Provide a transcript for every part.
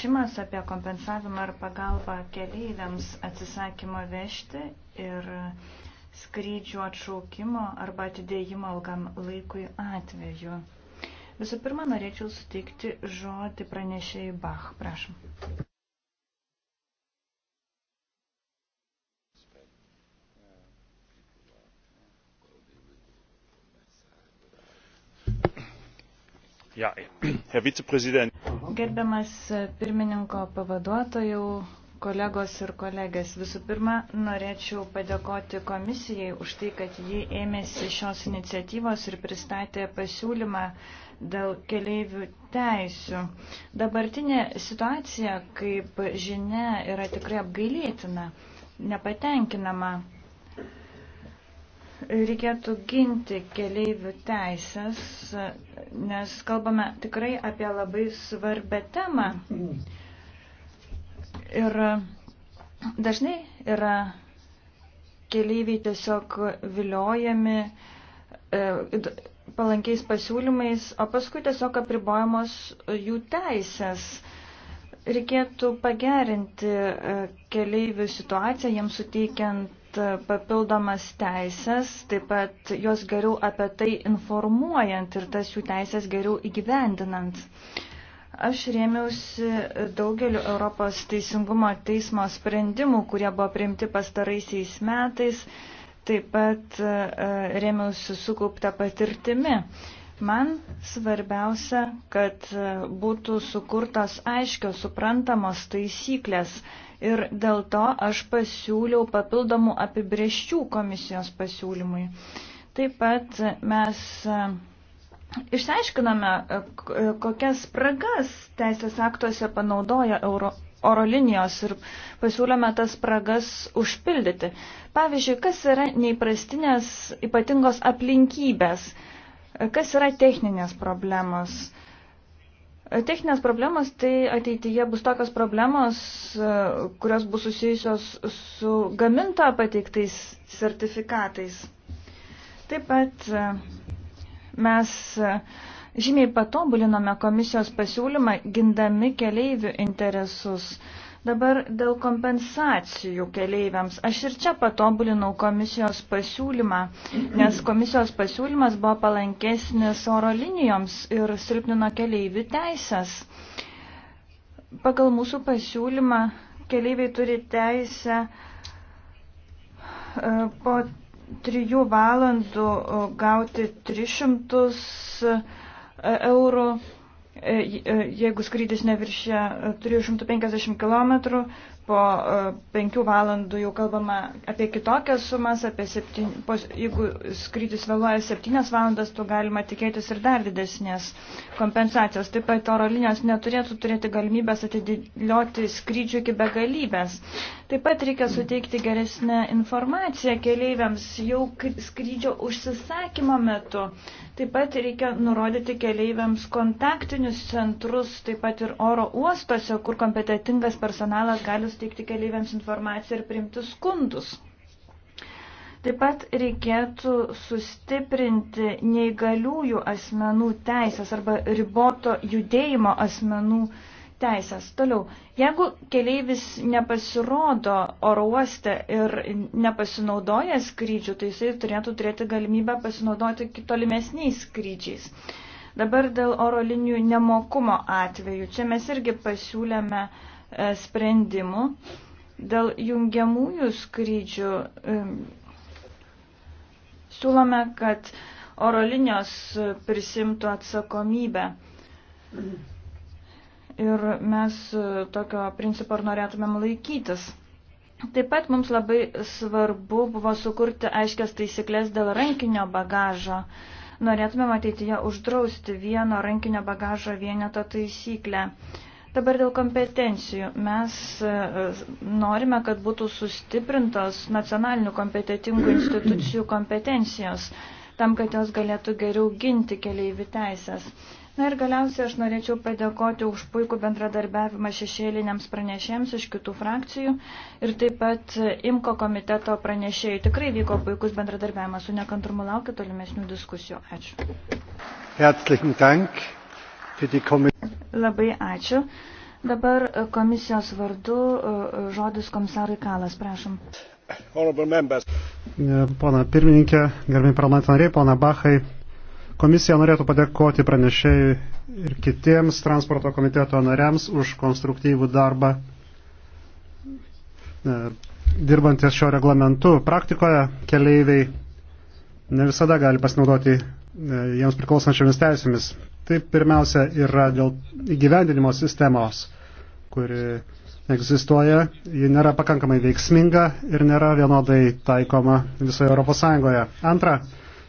pranešimas apie kompensavimą ar pagalbą keleiviams atsisakymo vežti ir skrydžių atšaukimo arba atidėjimo ilgam laikui atveju. Visų pirma, norėčiau suteikti žodį pranešėjai Bach, prašom. Ja, Herr Vizepräsident. Gerbiamas pirmininko pavaduotojų, kolegos ir kolegės, visų pirma, norėčiau padėkoti komisijai už tai, kad ji ėmėsi šios iniciatyvos ir pristatė pasiūlymą dėl keleivių teisių. Dabartinė situacija, kaip žinia, yra tikrai apgailėtina, nepatenkinama reikėtų ginti keleivių teisės, nes kalbame tikrai apie labai svarbę temą. Ir dažnai yra keleiviai tiesiog viliojami e, palankiais pasiūlymais, o paskui tiesiog apribojamos jų teisės reikėtų pagerinti e, keleivių situaciją, jiems suteikiant papildomas teisės, taip pat jos geriau apie tai informuojant ir tas jų teisės geriau įgyvendinant. Aš rėmiausi daugeliu Europos teisingumo teismo sprendimų, kurie buvo priimti pastaraisiais metais, taip pat e, rėmiausi sukauptą patirtimi. Man svarbiausia, kad būtų sukurtos aiškios, suprantamos taisyklės ir dėl to aš pasiūliau papildomų apibrieščių komisijos pasiūlymui. Taip pat mes e, išsiaiškiname, e, e, kokias spragas teisės aktuose panaudoja euro, oro linijos ir pasiūlėme tas spragas užpildyti. Pavyzdžiui, kas yra neįprastinės ypatingos aplinkybės? Kas yra techninės problemos? Techninės problemos tai ateityje bus tokios problemos, kurios bus susijusios su gaminto pateiktais sertifikatais. Taip pat mes žymiai patobulinome komisijos pasiūlymą gindami keleivių interesus. Dabar dėl kompensacijų keleiviams. Aš ir čia patobulinau komisijos pasiūlymą, nes komisijos pasiūlymas buvo palankesnis oro linijoms ir silpnino keleivių teisės. Pagal mūsų pasiūlymą keleiviai turi teisę e, po trijų valandų e, gauti 300 e, eurų E, e, jeigu skrydis neviršia 350 km, po 5 e, valandų jau kalbama apie kitokias sumas, apie 7, po, jeigu skrydis vėluoja 7 valandas, tu galima tikėtis ir dar didesnės kompensacijos. Taip pat oro linijos neturėtų turėti galimybės atidėlioti skrydžių iki begalybės. Taip pat reikia suteikti geresnę informaciją keleiviams jau skrydžio užsisakymo metu. Taip pat reikia nurodyti keleiviams kontaktinius centrus, taip pat ir oro uostose, kur kompetitingas personalas gali suteikti keleiviams informaciją ir priimti skundus. Taip pat reikėtų sustiprinti neįgaliųjų asmenų teisės arba riboto judėjimo asmenų teisės teisės. Toliau, jeigu keleivis nepasirodo oro uoste ir nepasinaudoja skrydžių, tai jisai turėtų turėti galimybę pasinaudoti tolimesniais skrydžiais. Dabar dėl oro linijų nemokumo atveju. Čia mes irgi pasiūlėme e, sprendimų. Dėl jungiamųjų skrydžių e, siūlome, kad oro linijos e, prisimtų atsakomybę. Ir mes e, tokio principo ir norėtumėm laikytis. Taip pat mums labai svarbu buvo sukurti aiškias taisyklės dėl rankinio bagažo. Norėtumėm ateityje uždrausti vieno rankinio bagažo vieneto taisyklę. Dabar dėl kompetencijų. Mes e, norime, kad būtų sustiprintos nacionalinių kompetitingų institucijų kompetencijos, tam, kad jos galėtų geriau ginti keliaivių teisės. Na ir galiausiai aš norėčiau padėkoti už puikų bendradarbiavimą šešėliniams pranešėjams iš kitų frakcijų ir taip pat IMKO komiteto pranešėjai. Tikrai vyko puikus bendradarbiavimas, su nekantrumu laukiu tolimesnių diskusijų. Ačiū. Herzlichen Dank für die Labai ačiū. Dabar komisijos vardu e, žodis komisarui Kalas, prašom. Pana pirmininkė, gerbimi parlamentarai, pana Bachai, Komisija norėtų padėkoti pranešėjui ir kitiems transporto komiteto nariams už konstruktyvų darbą e, dirbant ties šio reglamentu. Praktikoje keleiviai ne visada gali pasinaudoti e, jiems priklausančiomis teisėmis. Tai pirmiausia yra dėl įgyvendinimo sistemos, kuri egzistuoja, ji nėra pakankamai veiksminga ir nėra vienodai taikoma visoje Europos Sąjungoje. Antra,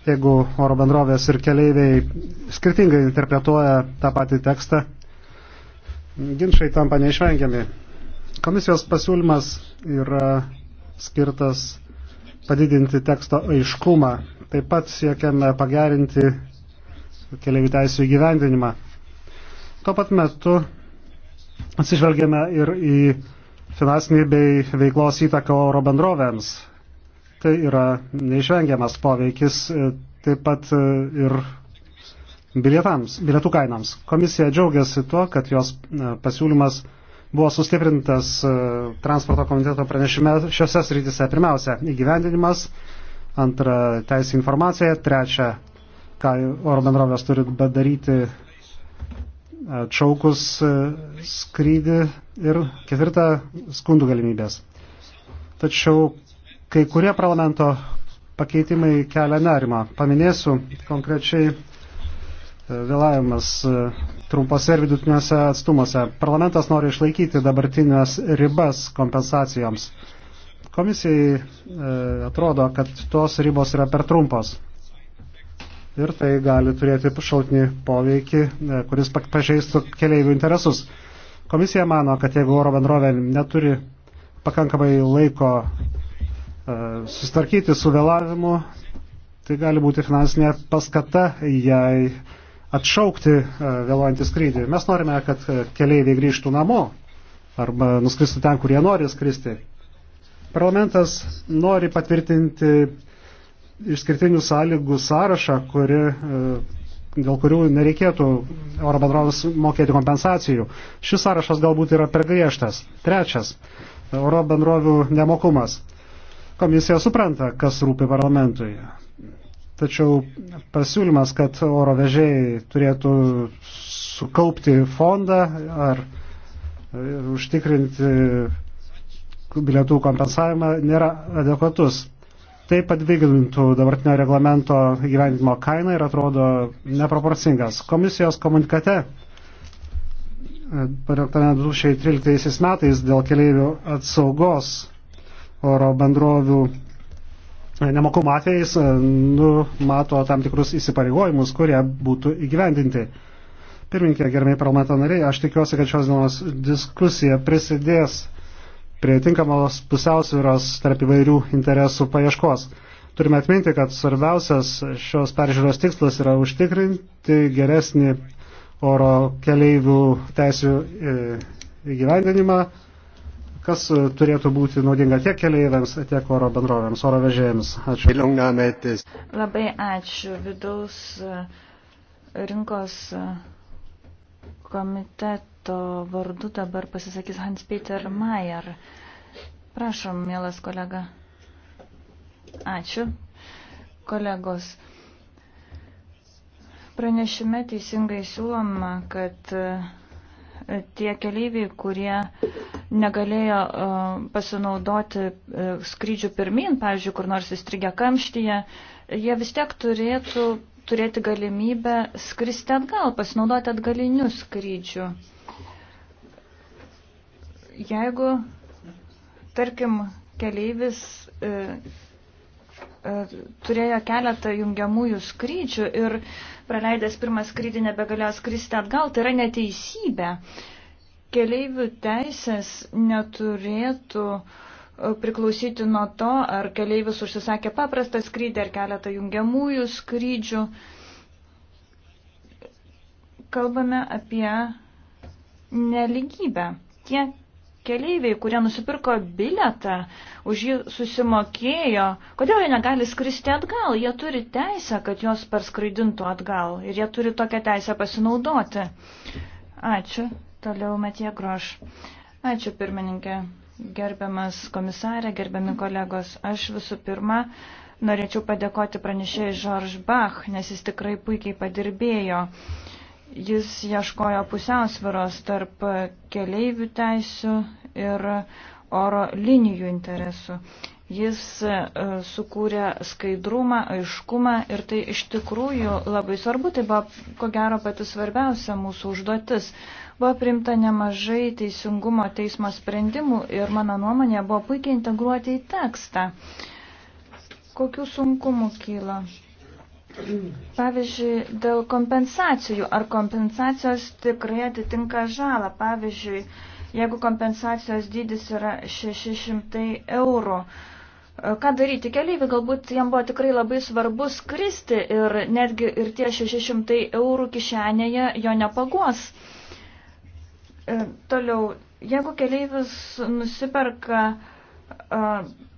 jeigu oro bendrovės ir keleiviai skirtingai interpretuoja tą patį tekstą, ginčiai tampa neišvengiami. Komisijos pasiūlymas yra skirtas padidinti teksto aiškumą. Taip pat siekiame pagerinti keliaivių teisų įgyvendinimą. Tuo pat metu atsižvelgiame ir į finansinį bei veiklos įtaką oro bendrovėms tai yra neišvengiamas poveikis e, taip pat e, ir bilietams, bilietų kainams. Komisija džiaugiasi tuo, kad jos e, pasiūlymas buvo sustiprintas transporto komiteto pranešime šiose srityse. Pirmiausia, įgyvendinimas, antra, teisė informacija, trečia, ką oro bendrovės turi daryti atšaukus skrydį ir ketvirta, skundų galimybės. Tačiau Kai kurie parlamento pakeitimai kelia nerimą. Paminėsiu konkrečiai e, vėlavimas e, trumpose ir vidutiniuose atstumuose. Parlamentas nori išlaikyti dabartinės ribas kompensacijoms. Komisijai e, atrodo, kad tos ribos yra per trumpos. Ir tai gali turėti šaltinį poveikį, e, kuris pažeistų keleivių interesus. Komisija mano, kad jeigu oro bendrovė neturi pakankamai laiko E, sustarkyti su vėlavimu, tai gali būti finansinė paskata jai atšaukti e, vėluojantį skrydį. Mes norime, kad e, keleiviai grįžtų namo arba nuskristų ten, kur jie nori skristi. Parlamentas nori patvirtinti išskirtinių sąlygų sąrašą, kuri, dėl kurių nereikėtų oro bendrovės mokėti kompensacijų. Šis sąrašas galbūt yra per griežtas. Trečias - oro bendrovių nemokumas. Komisija supranta, kas rūpi parlamentui. Tačiau pasiūlymas, kad oro vežėjai turėtų sukaupti fondą ar e, užtikrinti bilietų kompensavimą, nėra adekvatus. Tai padvigintų dabartinio reglamento gyvenimo kainą ir atrodo neproporcingas. Komisijos komunikate e, parengtame 2013 metais dėl keleivių atsaugos oro bendrovių e, nemokumo atvejais e, numato tam tikrus įsipareigojimus, kurie būtų įgyvendinti. Pirminkė, gerbėjai parlamento nariai, aš tikiuosi, kad šios dienos diskusija prisidės prie tinkamos pusiausvyros tarp įvairių interesų paieškos. Turime atminti, kad svarbiausias šios peržiūros tikslas yra užtikrinti geresnį oro keleivių teisų e, įgyvendinimą kas e, turėtų būti naudinga tiek keleiviams, tiek oro bendrovėms, oro vežėjams. Ačiū. Labai ačiū. Vidaus e, rinkos e, komiteto vardu dabar pasisakys Hans-Peter Mayer. Prašom, mielas kolega. Ačiū. Kolegos. Pranešime teisingai siūloma, kad tie keleiviai, kurie negalėjo e, pasinaudoti e, skrydžių pirmin, pavyzdžiui, kur nors įstrigę kamštyje, jie vis tiek turėtų turėti galimybę skristi atgal, pasinaudoti atgalinių skrydžių. Jeigu, tarkim, keleivis e, E, turėjo keletą jungiamųjų skrydžių ir praleidęs pirmą skrydį nebegalėjo skristi atgal. Tai yra neteisybė. Keleivių teisės neturėtų e, priklausyti nuo to, ar keleivis užsisakė paprastą skrydį ar keletą jungiamųjų skrydžių. Kalbame apie neligybę. Tie Keleiviai, kurie nusipirko biletą, už jį susimokėjo, kodėl jie negali skristi atgal? Jie turi teisę, kad jos perskraidintų atgal ir jie turi tokią teisę pasinaudoti. Ačiū. Toliau Matija Groš. Ačiū pirmininkė. Gerbiamas komisarė, gerbiami kolegos, aš visų pirma norėčiau padėkoti pranešėjai Žorž Bach, nes jis tikrai puikiai padirbėjo. Uh, Jis ieškojo pusiausviros tarp keleivių teisių ir oro linijų interesų. Jis e, sukūrė skaidrumą, aiškumą ir tai iš tikrųjų labai svarbu, tai buvo ko gero pati svarbiausia mūsų užduotis. Buvo primta nemažai teisingumo teismo sprendimų ir mano nuomonė buvo puikiai integruoti į tekstą. Kokių sunkumų kyla? Pavyzdžiui, dėl kompensacijų. Ar kompensacijos tikrai atitinka žalą? Pavyzdžiui, jeigu kompensacijos dydis yra 600 eurų, ką daryti keliaiviui? Galbūt jam buvo tikrai labai svarbu skristi ir netgi ir tie 600 eurų kišenėje jo nepaguos. E, toliau, jeigu keliaivis nusiperka e,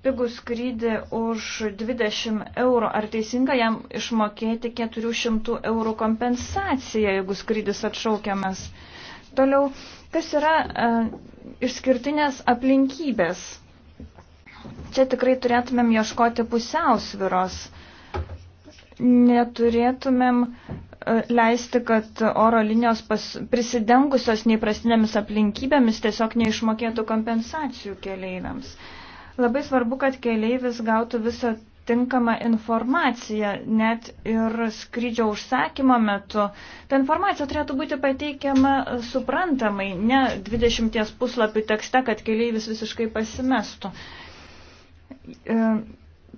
pigų skrydį už 20 eurų, ar teisinga jam išmokėti 400 eurų kompensaciją, jeigu skrydis atšaukiamas? Toliau, kas yra e, išskirtinės aplinkybės? Čia tikrai turėtumėm ieškoti pusiausviros. Neturėtumėm e, leisti, kad oro linijos pas, prisidengusios neįprastinėmis aplinkybėmis tiesiog neišmokėtų kompensacijų keleiviams. E, Labai svarbu, kad keleivis gautų visą tinkamą informaciją, net ir skrydžio užsakymo metu. Ta informacija turėtų būti pateikiama suprantamai, ne 20 puslapių tekste, kad keleivis visiškai pasimestų. E,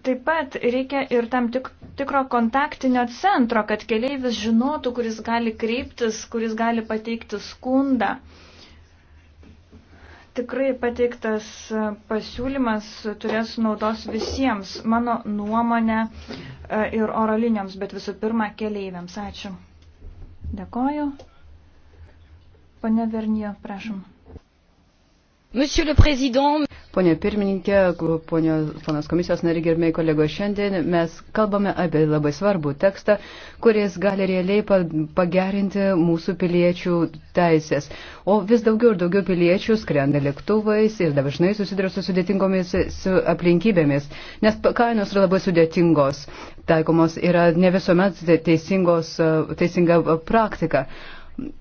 taip pat reikia ir tam tik, tikro kontaktinio centro, kad keleivis žinotų, kuris gali kreiptis, kuris gali pateikti skundą. Tikrai pateiktas pasiūlymas turės naudos visiems, mano nuomonė e, ir oro linijoms, bet visų pirma keleiviams. Ačiū. Dėkoju. Pane Vernijo, prašom. Monsieur le Président. Pone pirmininkė, ponio, ponas komisijos nariai, gerbėjai kolegos, šiandien mes kalbame apie labai svarbų tekstą, kuris gali realiai pagerinti mūsų piliečių teisės. O vis daugiau ir daugiau piliečių skrenda lėktuvais ir dažnai susiduria su sudėtingomis su aplinkybėmis, nes kainos yra labai sudėtingos, taikomos yra ne visuomet teisingos, teisinga praktika.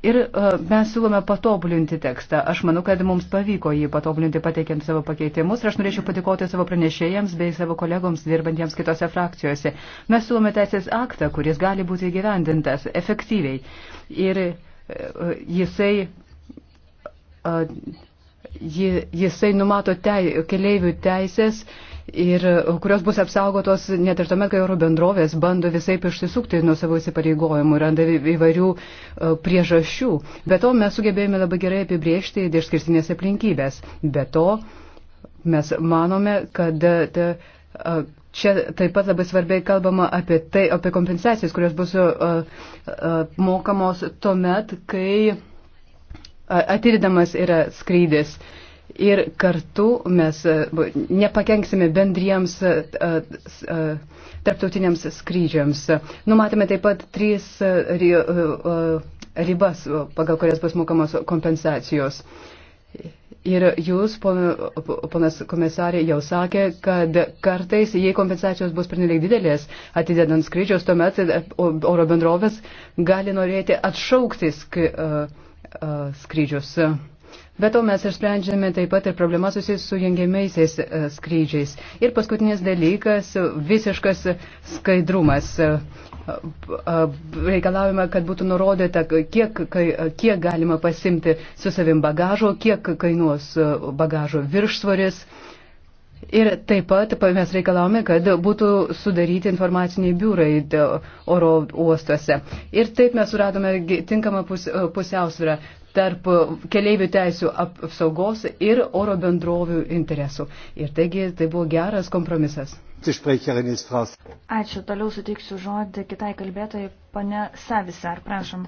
Ir e, mes siūlome patobulinti tekstą. Aš manau, kad mums pavyko jį patobulinti pateikiant savo pakeitimus ir aš norėčiau patikoti savo pranešėjams bei savo kolegoms dirbantiems kitose frakcijose. Mes siūlome teisės aktą, kuris gali būti įgyvendintas efektyviai. Ir e, jisai, e, jisai numato tei, keleivių teisės ir e, kurios bus apsaugotos net ir tuomet, kai oro bendrovės bando visai išsisukti nuo savo įsipareigojimų, randa įvairių e, priežasčių. Be to mes sugebėjome labai gerai apibriežti išskirtinės aplinkybės. Be to mes manome, kad e, Čia taip pat labai svarbiai kalbama apie tai, apie kompensacijas, kurios bus uh, uh, mokamos tuomet, kai uh, atidedamas yra skrydis. Uh, ir kartu mes e, nepakenksime bendriems e, e, tarptautiniams skrydžiams. Numatėme taip pat trys ribas, pagal kurias bus mokamos kompensacijos. Ir jūs, ponas komisarė, jau sakė, kad kartais, jei kompensacijos bus pernelyg didelės, atidedant skrydžius, tuomet oro bendrovės gali norėti atšaukti sk, uh, uh, skrydžius. Uh, Be to mes išsprendžiame taip pat ir problemas susijęs su jungiamaisiais e, skrydžiais. Ir paskutinis dalykas - visiškas skaidrumas. E, e, Reikalavime, kad būtų nurodyta, kiek, kiek galima pasimti su savim bagažo, kiek kainuos bagažo viršsvoris. Ir taip pat mes reikalavome, kad būtų sudaryti informaciniai biurai oro uostuose. Ir taip mes suradome tinkamą pus, pusiausvyrą tarp keleivių teisų apsaugos ir oro bendrovių interesų. Ir taigi tai buvo geras kompromisas. Ačiū. Toliau suteiksiu žodį kitai kalbėtojai, pane Savisar, prašom.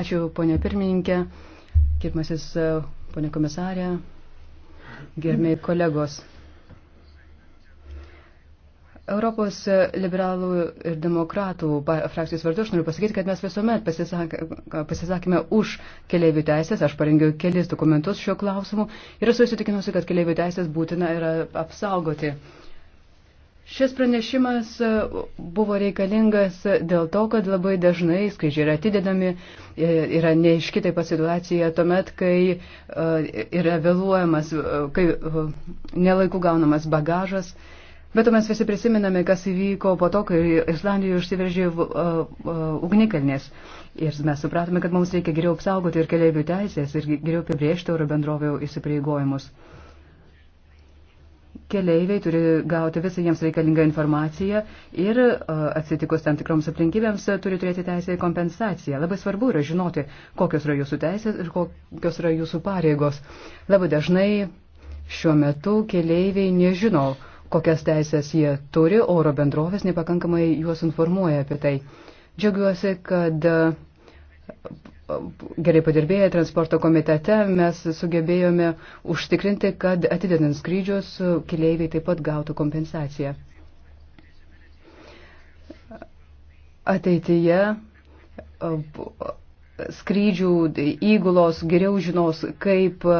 Ačiū, ponė pirmininkė, kirmasis, ponė komisarė, gerbėjai kolegos. Europos liberalų ir demokratų frakcijos vardu aš noriu pasakyti, kad mes visuomet pasisak, pasisakėme už keliaivių teisės. Aš parengiau kelis dokumentus šiuo klausimu ir esu įsitikinusi, kad keliaivių teisės būtina yra apsaugoti. Šis pranešimas e, buvo reikalingas dėl to, kad labai dažnai skrydžiai yra atidedami, e, yra neiški taip situacija tuomet, kai e, yra vėluojamas, kai nelaikų gaunamas bagažas. Bet to mes visi prisiminame, kas įvyko po to, kai Islandijoje užsiveržė uh, uh, ugnikalnės. Ir mes supratome, kad mums reikia geriau apsaugoti ir keliaivių teisės, ir geriau apibriežti oro bendrovio įsipareigojimus. Keleiviai turi gauti visą jiems reikalingą informaciją ir uh, atsitikus tam tikroms aplinkybėms turi turėti teisę į kompensaciją. Labai svarbu yra žinoti, kokios yra jūsų teisės ir kokios yra jūsų pareigos. Labai dažnai šiuo metu keleiviai nežino, uh, kokias teisės jie turi, oro bendrovės nepakankamai juos informuoja apie tai. Džiaugiuosi, kad e, gerai padirbėję transporto komitete mes sugebėjome užtikrinti, kad atidedant skrydžius e, keleiviai taip pat gautų kompensaciją. Ateityje e, skrydžių įgulos geriau žinos, kaip e,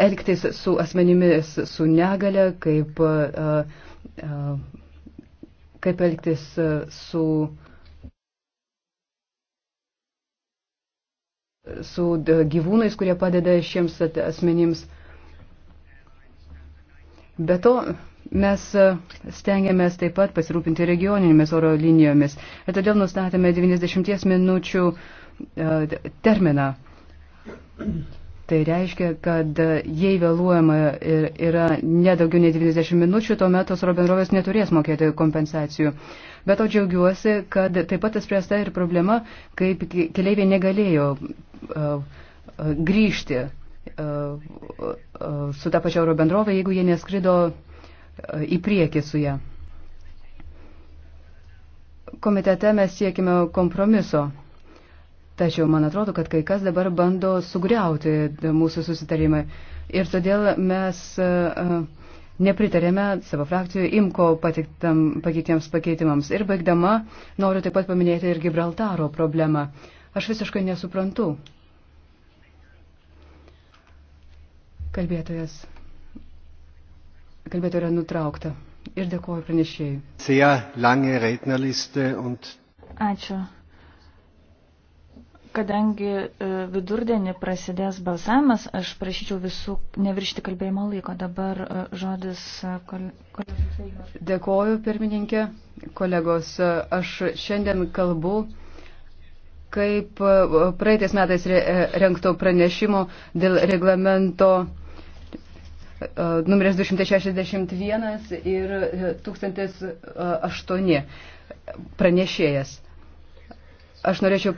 elgtis su asmenimis su negale, kaip, e, e, kaip elgtis su, su gyvūnais, kurie padeda šiems asmenims. Be to, mes stengiamės taip pat pasirūpinti regioninėmis oro linijomis ir todėl nustatėme 90 minučių uh, E, terminą. Tai reiškia, kad jei vėluojama yra nedaugiau nei 90 minučių, tuomet tos oro bendrovės neturės mokėti kompensacijų. Bet to džiaugiuosi, kad taip pat spręsta ir problema, kaip keliaiviai negalėjo e, e, grįžti su ta pačia oro bendrovė, jeigu jie neskrido į priekį su ją. Komitete mes siekime kompromiso. Tačiau man atrodo, kad kai kas dabar bando sugriauti mūsų susitarimą. Ir todėl mes e, e, nepritarėme savo frakcijų imko pateiktiems pakeitimams. Ir baigdama noriu taip pat paminėti ir Gibraltaro problemą. Aš visiškai nesuprantu. Kalbėtojas. Kalbėtoja yra nutraukta. Ir dėkoju pranešėjai. Ačiū. Kadangi e, vidurdienį prasidės balsavimas, aš prašyčiau visų neviršti kalbėjimo laiko. Dabar e, žodis e, kolegai. Dėkoju, pirmininkė. Kolegos, aš šiandien kalbu kaip praeitais metais renkto pranešimo dėl reglamento numeris 261 ir 1008 pranešėjas. Aš norėčiau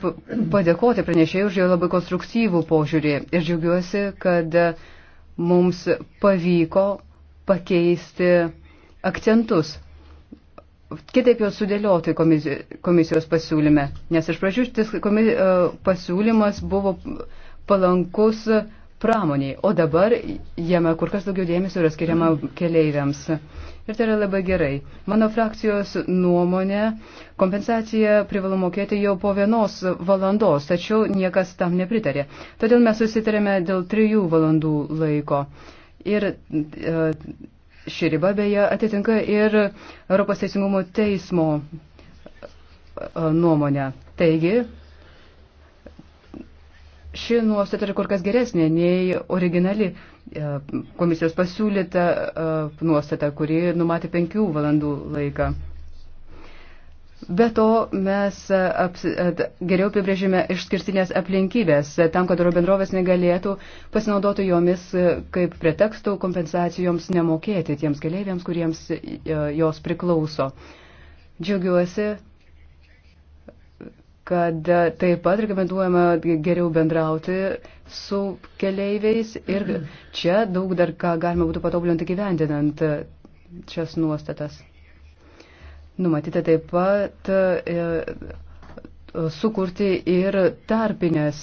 padėkoti pranešėjai už jo labai konstruktyvų požiūrį ir džiaugiuosi, kad e, mums pavyko pakeisti akcentus, kitaip juos sudėlioti komisijos pasiūlyme, nes iš pradžių šis e, pasiūlymas buvo palankus pramoniai, o dabar jame kur kas daugiau dėmesio yra skiriama keleiviams. Ir tai yra labai gerai. Mano frakcijos nuomonė, kompensaciją privalu mokėti jau po vienos valandos, tačiau niekas tam nepritarė. Todėl mes susitarėme dėl trijų valandų laiko. Ir e, ši riba beje atitinka ir Europos teisingumo teismo e, nuomonę. Taigi, ši nuostata yra kur kas geresnė nei originali E, komisijos pasiūlyta e, nuostata, kuri numatė penkių valandų laiką. Be to, mes e, aps, geriau apibrėžime išskirtinės aplinkybės, tam, kad oro bendrovės negalėtų pasinaudoti jomis kaip pretekstų kompensacijoms nemokėti tiems keliaiviams, kuriems jos priklauso. Džiaugiuosi kad e, taip pat rekomenduojama geriau bendrauti su keleiviais ir čia daug dar ką galima būtų patobulinti gyvendinant e, šias nuostatas. Numatyta taip pat e, sukurti ir tarpinės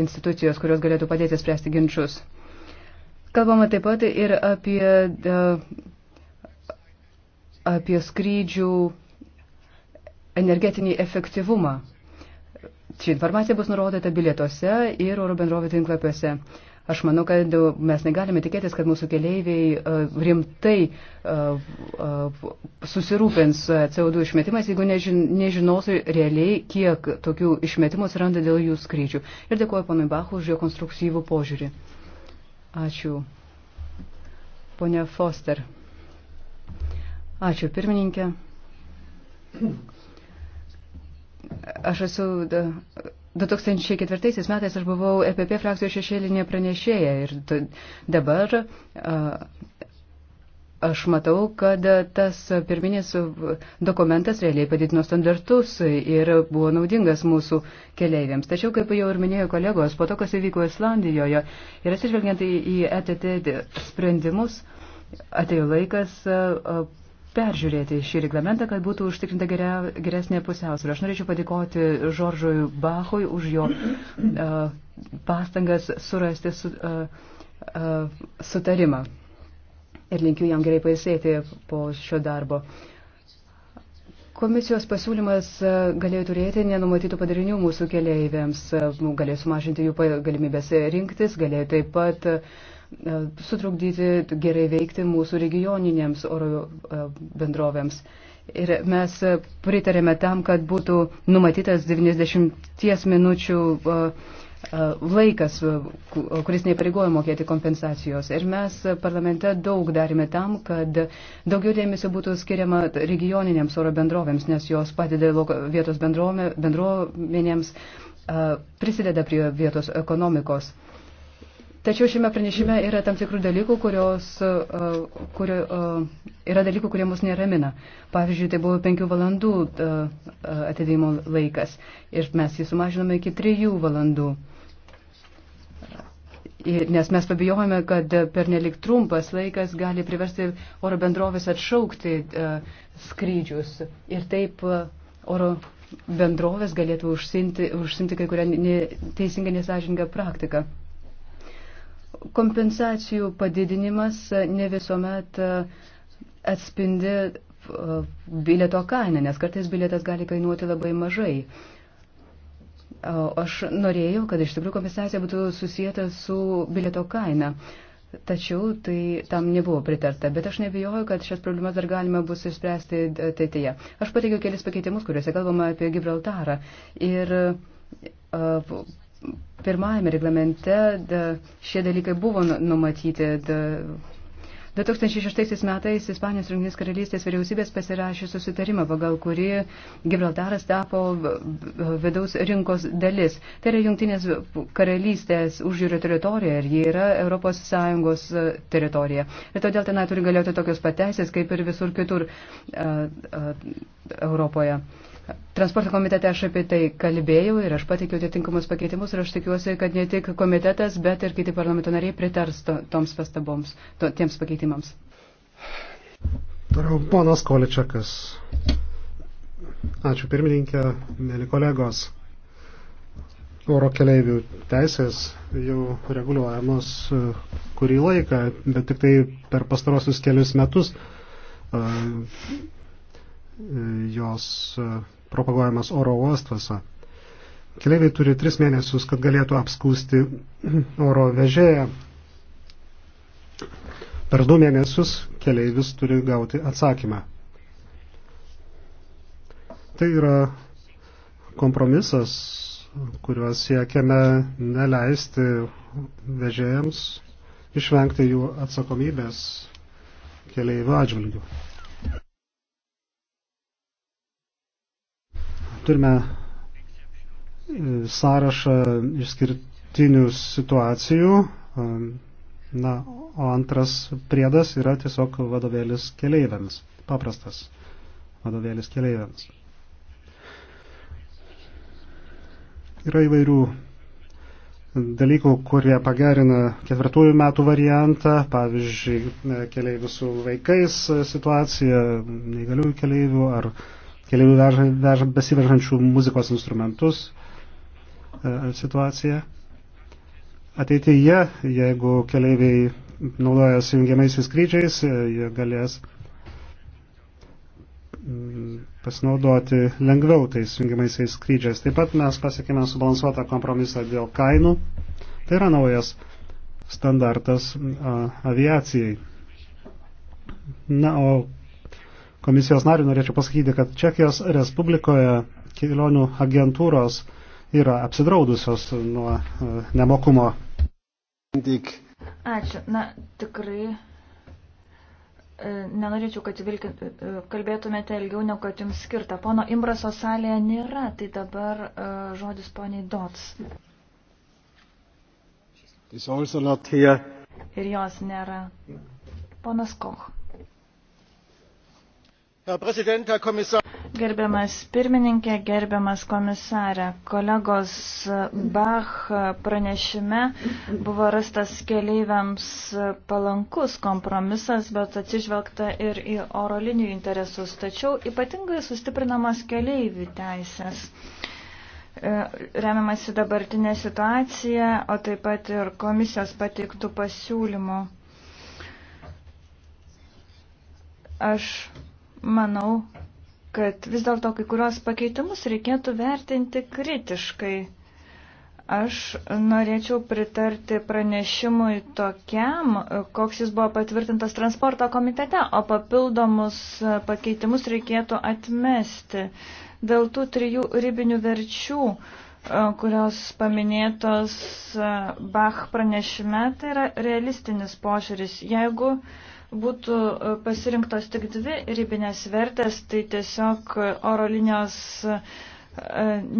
institucijos, kurios galėtų padėti spręsti ginčius. Kalbama taip pat ir apie, apie skrydžių energetinį efektyvumą. Ši informacija bus nurodyta bilietuose ir oro bendrovė tinklapiuose. Aš manau, kad mes negalime tikėtis, kad mūsų keleiviai e, rimtai e, e, susirūpins CO2 išmetimais, jeigu nežinos realiai, kiek tokių išmetimų atsiranda dėl jų skrydžių. Ir dėkuoju ponui Bachui už jo konstruktyvų požiūrį. Ačiū. Pone Foster. Ačiū, pirmininkė. Aš esu 2004 metais aš buvau EPP frakcijos šešėlinė pranešėja ir dabar aš matau, kad tas pirminis dokumentas realiai padidino standartus ir buvo naudingas mūsų keleiviams. Tačiau, kaip jau ir minėjo kolegos, po to, kas įvyko Islandijoje ir atsižvelgiant į ETT sprendimus, atėjo laikas peržiūrėti šį reglamentą, kad būtų užtikrinta geria, geresnė pusiausvyrė. Aš norėčiau padėkoti Žoržui Bachui už jo uh, pastangas surasti su, uh, uh, sutarimą. Ir linkiu jam gerai paisėti po šio darbo. Komisijos pasiūlymas galėjo turėti nenumatytų padarinių mūsų keleiviams, galėjo sumažinti jų galimybės rinktis, galėjo taip pat uh, E, sutrukdyti gerai veikti mūsų regioninėms oro e, bendrovėms. Ir mes pritarėme tam, kad būtų numatytas 90 minučių e, laikas, kuris neįpareigoja mokėti kompensacijos. Ir mes parlamente daug darėme tam, kad daugiau dėmesio būtų skiriama regioninėms oro bendrovėms, nes jos padeda vietos bendruomenėms, prisideda prie vietos ekonomikos. Tačiau šiame pranešime yra tam tikrų dalykų, kurios, kurio, yra dalykų, kurie mus neramina. Pavyzdžiui, tai buvo penkių valandų atidėjimo laikas ir mes jį sumažinome iki trijų valandų. Nes mes pabijojame, kad per nelik trumpas laikas gali priversti oro bendrovės atšaukti skrydžius ir taip oro bendrovės galėtų užsimti, užsimti kai kurią teisingą nesažininką praktiką kompensacijų padidinimas ne visuomet e, atspindi e, bilieto kainą, nes kartais bilietas gali kainuoti labai mažai. Aš norėjau, kad iš tikrųjų kompensacija būtų susijęta su bilieto kaina. Tačiau tai tam nebuvo pritarta, bet aš nebijoju, kad šias problemas dar galima bus išspręsti ateityje. Aš pateikiau kelis pakeitimus, kuriuose kalbama apie Gibraltarą. Ir uh, pirmajame reglamente da, šie dalykai buvo nu, numatyti. Da, 2006 metais Ispanijos ir Junktinės karalystės vyriausybės pasirašė susitarimą, pagal kurį Gibraltaras tapo vidaus rinkos dalis. Tai yra Junktinės karalystės užjūrio teritorija ir ji yra ES e, teritorija. Ir todėl tenai turi galioti tokios pateisės, kaip ir visur kitur uh, uh, Europoje. Uh, Transporto komitete aš apie tai kalbėjau ir aš patikiu atitinkamus pakeitimus ir aš tikiuosi, kad ne tik komitetas, bet ir kiti parlamento nariai pritars to, toms pastaboms, to, tiems pakeitimams. Toliau ponas Količiakas. Ačiū pirmininkė, mėly kolegos. Oro keleivių teisės jau reguliuojamos uh, kurį laiką, bet tik tai per pastarosius kelius metus uh, jos e, propaguojamas oro uostuose. Keleiviai turi tris mėnesius, kad galėtų apskūsti oro vežėją. Per du mėnesius keleivis turi gauti atsakymą. Tai yra kompromisas, kuriuo siekiame neleisti vežėjams išvengti jų atsakomybės keleivių atžvilgių. turime e, sąrašą išskirtinių situacijų, e, na, o antras priedas yra tiesiog vadovėlis keleiviams, paprastas vadovėlis keleiviams. Yra įvairių dalykų, kurie pagerina ketvirtųjų metų variantą, pavyzdžiui, e, keleivių su vaikais situaciją, neįgaliųjų keleivių ar uh, keliaivių vež, vež, besiveržančių muzikos instrumentus e, situaciją. Ateityje, jeigu keliaiviai naudojasi jungiamaisiais skrydžiais, e, jie galės mm, pasinaudoti lengviau tais jungiamaisiais skrydžiais. Taip pat mes pasiekime subalansuotą kompromisą dėl kainų. Tai yra naujas standartas a, aviacijai. Na, o komisijos nariu norėčiau pasakyti, kad Čekijos Respublikoje kelionių agentūros yra apsidraudusios nuo e, nemokumo. Ačiū. Na, tikrai e, nenorėčiau, kad vilkint, e, kalbėtumėte ilgiau, negu kad jums skirta. Pono Imbraso salėje nėra, tai dabar žodis poniai Dots. Ir jos nėra. Ponas Koch. Gerbiamas pirmininkė, gerbiamas komisarė, kolegos Bach pranešime buvo rastas keleiviams palankus kompromisas, bet atsižvelgta ir į oro linijų interesus, tačiau ypatingai sustiprinamas keleivių teisės. E, remiamasi dabartinė situacija, o taip pat ir komisijos pateiktų pasiūlymų. Aš manau, kad vis dėlto kai kurios pakeitimus reikėtų vertinti kritiškai. Aš norėčiau pritarti pranešimui tokiam, koks jis buvo patvirtintas transporto komitete, o papildomus pakeitimus reikėtų atmesti. Dėl tų trijų ribinių verčių, kurios paminėtos Bach pranešime, tai yra realistinis požiūris. Jeigu uh, būtų e, pasirinktos tik dvi ribinės vertės, tai tiesiog oro linijos e,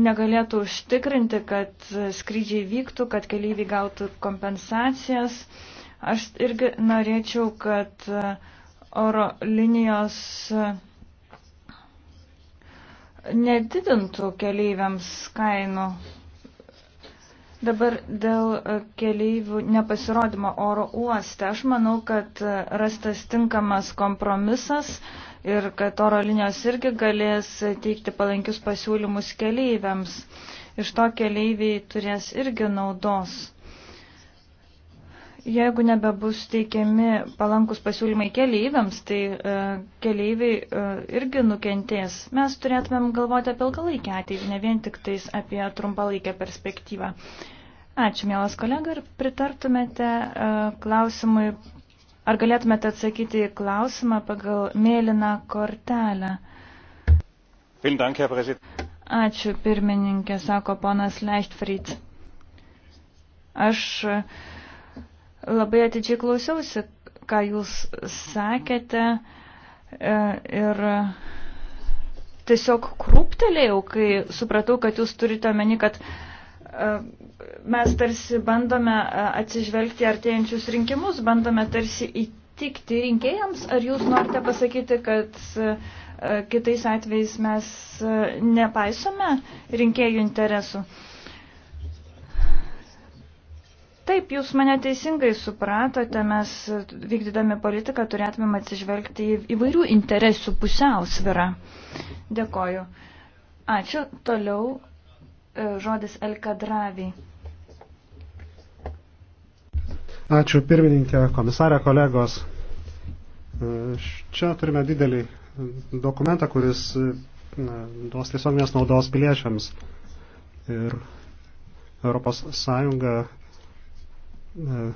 negalėtų užtikrinti, kad e, skrydžiai vyktų, kad keleiviai gautų kompensacijas. Aš irgi norėčiau, kad oro linijos nedidintų keleiviams kainų Dabar dėl e, keleivių nepasirodymo oro uoste. Aš manau, kad e, rastas tinkamas kompromisas ir kad oro linijos irgi galės teikti palankius pasiūlymus keleiviams. Iš to keleiviai turės irgi naudos. Jeigu nebebus teikiami palankus pasiūlymai keleiviams, tai e, keleiviai e, irgi nukentės. Mes turėtumėm galvoti apie ilgalaikę ateitį, ne vien tik tais apie trumpalaikę perspektyvą. Ačiū, mielas kolega, ir pritartumėte e, klausimui, ar galėtumėte atsakyti į klausimą pagal mėlyną kortelę. Ačiū, pirmininkė, sako ponas Leichtfried. Aš. E, Labai atidžiai klausiausi, ką jūs sakėte e, ir tiesiog krūptelėjau, kai supratau, kad jūs turite omeny, kad e, mes tarsi bandome e, atsižvelgti artėjančius rinkimus, bandome tarsi įtikti rinkėjams, ar jūs norite pasakyti, kad kitais atvejais mes nepaisome rinkėjų interesų. Taip, jūs mane teisingai supratote, mes vykdydami politiką turėtumėm atsižvelgti į įvairių interesų pusiausvirą. Dėkoju. Ačiū. Toliau e, žodis Elkadravi. Ačiū pirmininkė, komisarė, kolegos. E, čia turime didelį dokumentą, kuris e, duos tiesioginės naudos piliečiams. Ir Europos Sąjunga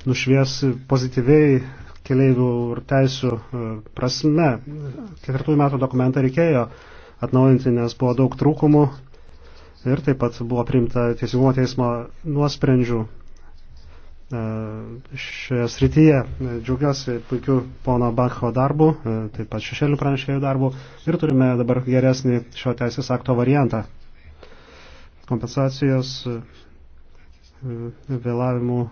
nušvies pozityviai keleivių ir teisų e, prasme. Ketvirtųjų metų dokumentą reikėjo atnaujinti, nes buvo daug trūkumų ir taip pat buvo priimta teisingumo teismo nuosprendžių e, šioje srityje. Džiaugiuosi puikiu pono Bakho darbu, e, taip pat šešėlių pranešėjų darbu ir turime dabar geresnį šio teisės akto variantą. Kompensacijos vėlavimų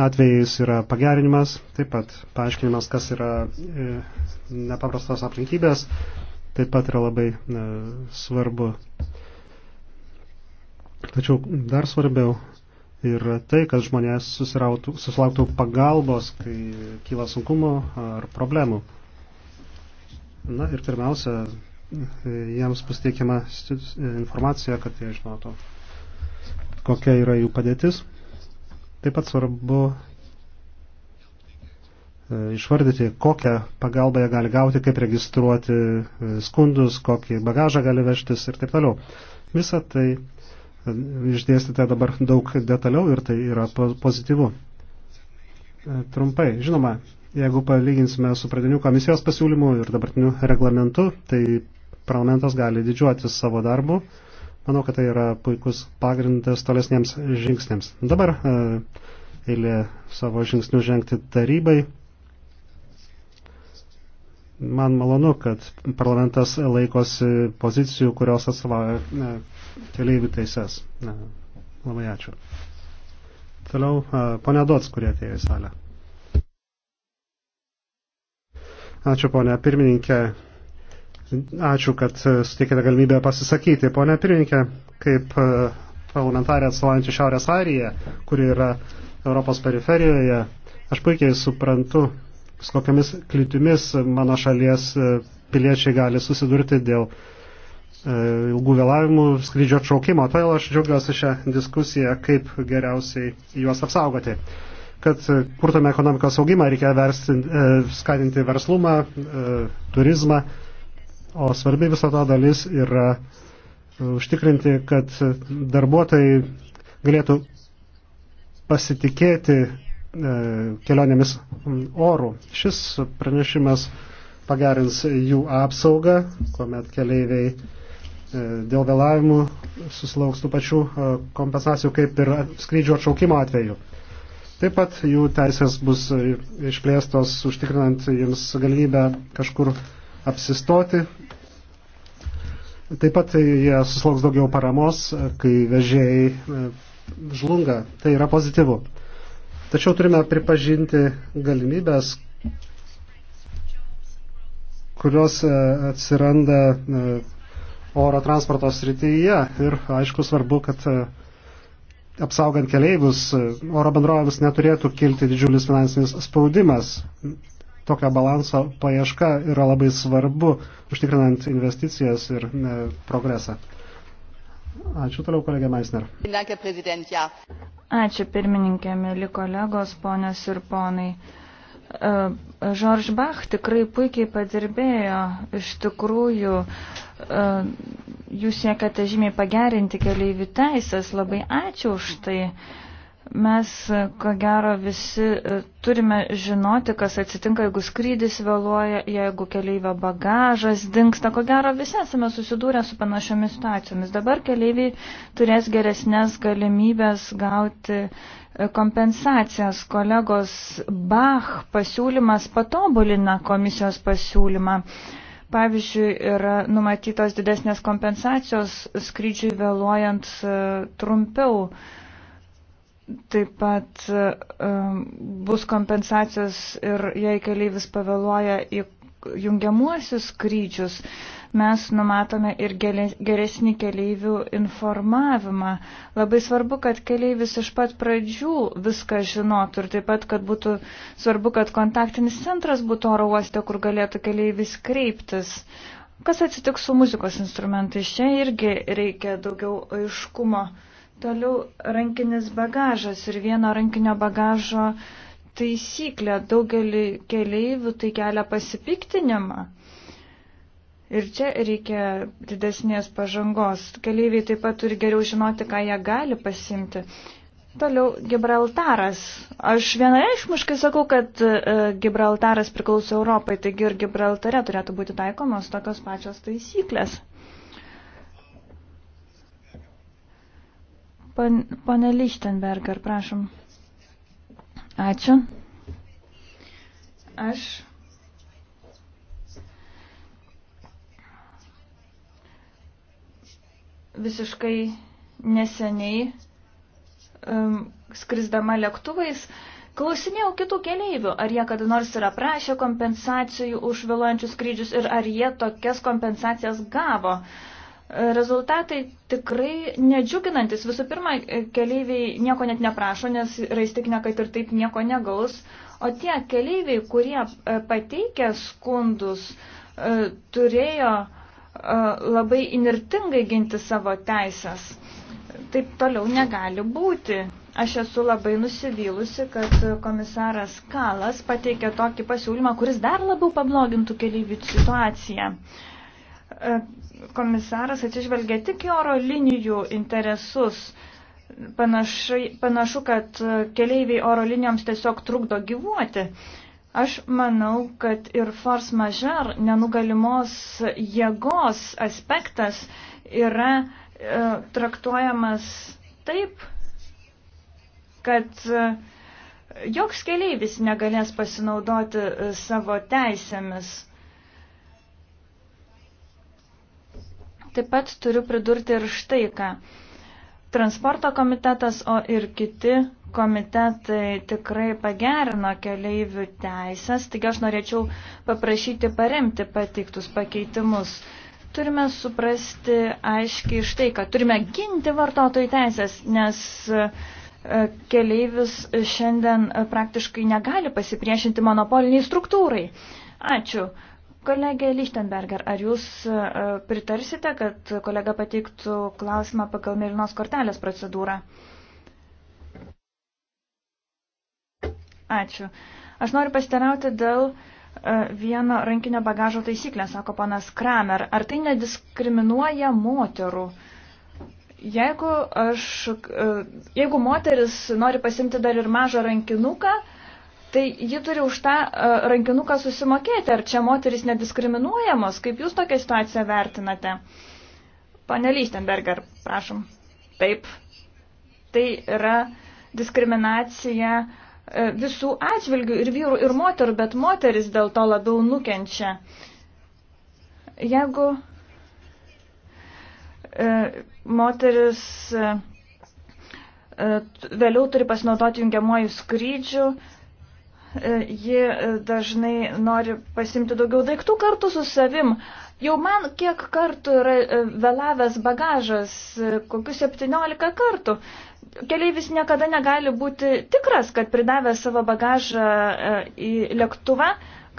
atvejais yra pagerinimas, taip pat paaiškinimas, kas yra e, nepaprastos aplinkybės, taip pat yra labai e, svarbu. Tačiau dar svarbiau yra tai, kad žmonės susilauktų pagalbos, kai kyla sunkumo ar problemų. Na ir pirmiausia, e, jiems bus teikiama informacija, kad jie žinotų, kokia yra jų padėtis. Taip pat svarbu e, išvardyti, kokią pagalbą jie gali gauti, kaip registruoti e, skundus, kokį bagažą gali vežtis ir taip toliau. Visą tai e, išdėstėte dabar daug detaliau ir tai yra pozityvu. Trumpai, žinoma, jeigu palyginsime su pradiniu komisijos pasiūlymu ir dabartiniu reglamentu, tai parlamentas gali didžiuotis savo darbu Manau, kad tai yra puikus pagrindas tolesniems žingsnėms. Dabar e, eilė savo žingsnių žengti tarybai. Man malonu, kad parlamentas laikosi pozicijų, kurios atstovauja e, keleivių teises. E, labai ačiū. Toliau ponia Dots, kurie atėjo į salę. Ačiū ponia pirmininkė. Ačiū, kad e, suteikėte galimybę pasisakyti. Pone pirmininkė, kaip e, parlamentarė atstovaujanti Šiaurės Airiją, kuri yra Europos periferijoje, aš puikiai suprantu, su kokiamis kliūtimis mano šalies e, piliečiai gali susidurti dėl ilgų vėlavimų skrydžio atšaukimo. Todėl aš džiaugiuosi šią diskusiją, kaip geriausiai juos apsaugoti. Kad kurtume ekonomikos augimą, reikia versti, skatinti verslumą, turizmą O svarbi viso to dalis yra e, užtikrinti, kad darbuotojai galėtų pasitikėti e, kelionėmis orų. Šis pranešimas pagerins jų apsaugą, kuomet keleiviai e, dėl vėlavimų susilauks tų pačių kompensacijų kaip ir skrydžio atšaukimo atveju. Taip pat jų teisės bus išplėstos užtikrinant jiems galimybę kažkur apsistoti Taip pat jie susilauks daugiau paramos, kai vežėjai e, žlunga. Tai yra pozityvu. Tačiau turime pripažinti galimybės, kurios e, atsiranda e, oro transporto srityje. Ir aišku, svarbu, kad apsaugant keleivius oro bendrovėms neturėtų kilti didžiulis finansinis spaudimas tokio balanso paieška yra labai svarbu, užtikrinant investicijas ir ne, progresą. Ačiū toliau, kolegė Meisner. Ačiū pirmininkė, mėly kolegos, ponės ir ponai. E, Žorž Bach tikrai puikiai padirbėjo, iš tikrųjų e, jūs siekate žymiai pagerinti keliaivių teisės, labai ačiū už tai. Mes, ko gero, visi e, turime žinoti, kas atsitinka, jeigu skrydis vėluoja, jeigu keleivio bagažas dinksta. Ko gero, visi esame susidūrę su panašiomis situacijomis. Dabar keleiviai turės geresnės galimybės gauti e, kompensacijas. Kolegos Bach pasiūlymas patobulina komisijos pasiūlymą. Pavyzdžiui, yra numatytos didesnės kompensacijos skrydžiui vėluojant e, trumpiau Taip pat um, bus kompensacijos ir jei keleivis pavėluoja į jungiamuosius skrydžius, mes numatome ir geresnį keleivių informavimą. Labai svarbu, kad keleivis iš pat pradžių viską žinotų ir taip pat, kad būtų svarbu, kad kontaktinis centras būtų oro uoste, kur galėtų keleivis kreiptis. Kas atsitiks su muzikos instrumentais? Čia irgi reikia daugiau aiškumo. Toliau rankinis bagažas ir vieno rankinio bagažo taisyklė daugelį keleivių tai kelia pasipiktinimą. Ir čia reikia didesnės pažangos. Keleiviai taip pat turi geriau žinoti, ką jie gali pasimti. Toliau Gibraltaras. Aš vienareišmiškai sakau, kad e, Gibraltaras priklauso Europai, taigi ir Gibraltare turėtų būti taikomos tokios pačios taisyklės. Pan, pane Lichtenberger, prašom. Ačiū. Aš visiškai neseniai um, skrisdama lėktuvais klausinėjau kitų keleivių, ar jie kada nors yra prašę kompensacijų už vėluojančius skrydžius ir ar jie tokias kompensacijas gavo. Uh, Rezultatai tikrai nedžiuginantis. Visų pirma, keleiviai nieko net neprašo, nes yra įstikinę, kad ir taip nieko negaus. O tie keleiviai, kurie e, pateikė skundus, e, turėjo e, labai inirtingai ginti savo teisės. Taip toliau negali būti. Aš esu labai nusivylusi, kad komisaras Kalas pateikė tokį pasiūlymą, kuris dar labiau pablogintų keleivių situaciją komisaras atsižvelgia tik į oro linijų interesus. Panašai, panašu, kad keleiviai oro linijoms tiesiog trukdo gyvuoti. Aš manau, kad ir force majeure nenugalimos jėgos aspektas yra e, traktuojamas taip, kad e, joks keleivis negalės pasinaudoti e, savo teisėmis. Taip pat turiu pridurti ir štai ką. Transporto komitetas, o ir kiti komitetai tikrai pagerino keleivių teisės, taigi aš norėčiau paprašyti paremti pateiktus pakeitimus. Turime suprasti aiškiai štai, kad turime ginti vartotojų teisės, nes e, keleivis šiandien praktiškai negali pasipriešinti monopoliniai struktūrai. Ačiū. Kolegė Lichtenberger, ar jūs e, pritarsite, kad kolega pateiktų klausimą pagal mėlynos kortelės procedūrą? Ačiū. Aš noriu pasitarauti dėl e, vieno rankinio bagažo taisyklę, sako panas Kramer. Ar tai nediskriminuoja moterų? Jeigu, aš, e, jeigu moteris nori pasimti dar ir mažą rankinuką, tai ji turi už tą e, rankinuką susimokėti. Ar čia moteris nediskriminuojamos? Kaip jūs tokią situaciją vertinate? Pane Lichtenberger, prašom. Taip. Tai yra diskriminacija e, visų atžvilgių ir vyrų, ir moterų, bet moteris dėl to labiau nukenčia. Jeigu e, moteris vėliau turi pasinaudoti jungiamuoju skrydžiu, E, ji e, dažnai nori pasimti daugiau daiktų kartu su savim. Jau man kiek kartų yra e, vėlavęs bagažas, kokius 17 kartų. Keleivis niekada negali būti tikras, kad pridavęs savo bagažą į lėktuvą,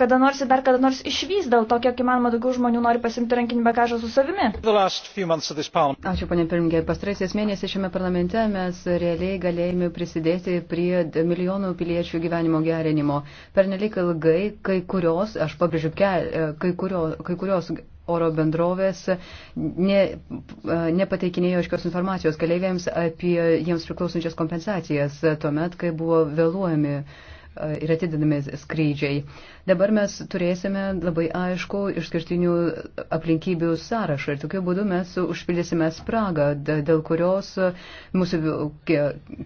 kada nors ir dar kada nors išvys dėl to, kiek įmanoma daugiau žmonių nori pasimti rankinį bagažą su savimi. Ačiū, ponė pirmininkė. Pastaraisiais mėnesiais šiame parlamente mes realiai galėjome prisidėti prie milijonų piliečių gyvenimo gerinimo. Per nelik ilgai kai kurios, aš pabrėžiu, e, kai, kurio, kai kurios oro bendrovės ne, e, nepateikinėjo aiškios informacijos keleiviams apie jiems priklausančias kompensacijas tuomet, kai buvo vėluojami ir atidinami skrydžiai. Dabar mes turėsime labai aišku išskirtinių aplinkybių sąrašą ir tokiu būdu mes užpildysime spragą, dėl kurios mūsų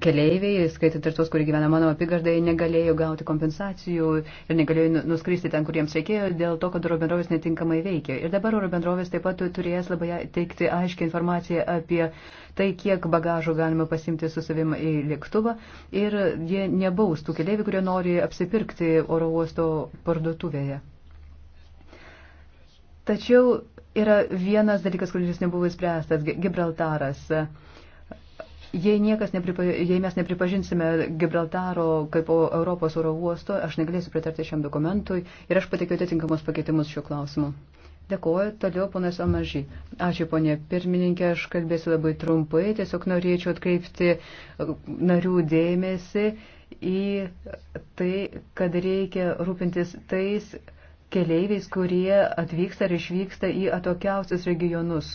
keleiviai, skaitant ir tos, kurie gyvena mano apygardai, negalėjo gauti kompensacijų ir negalėjo nu-, nuskristi ten, kuriems reikėjo, dėl to, kad oro bendrovės netinkamai veikia. Ir dabar oro bendrovės taip pat turės labai teikti aiškiai informaciją apie tai, kiek bagažo galima pasimti su savim į lėktuvą ir jie nebaustų keliaivių, kurie nori apsipirkti oro uosto parduotuvėje. Tačiau yra vienas dalykas, kuris nebuvo įspręstas - Gibraltaras. Jei, nepripa, jei mes nepripažinsime Gibraltaro kaip Europos oro uosto, aš negalėsiu pritarti šiam dokumentui ir aš pateikiu atitinkamus pakeitimus šiuo klausimu. Dėkuoju, toliau ponas Amaži. Ačiū ponė pirmininkė, aš kalbėsiu labai trumpai, tiesiog norėčiau atkreipti uh, narių dėmesį į tai, kad reikia rūpintis tais keleiviais, kurie atvyksta ar išvyksta į atokiausius regionus.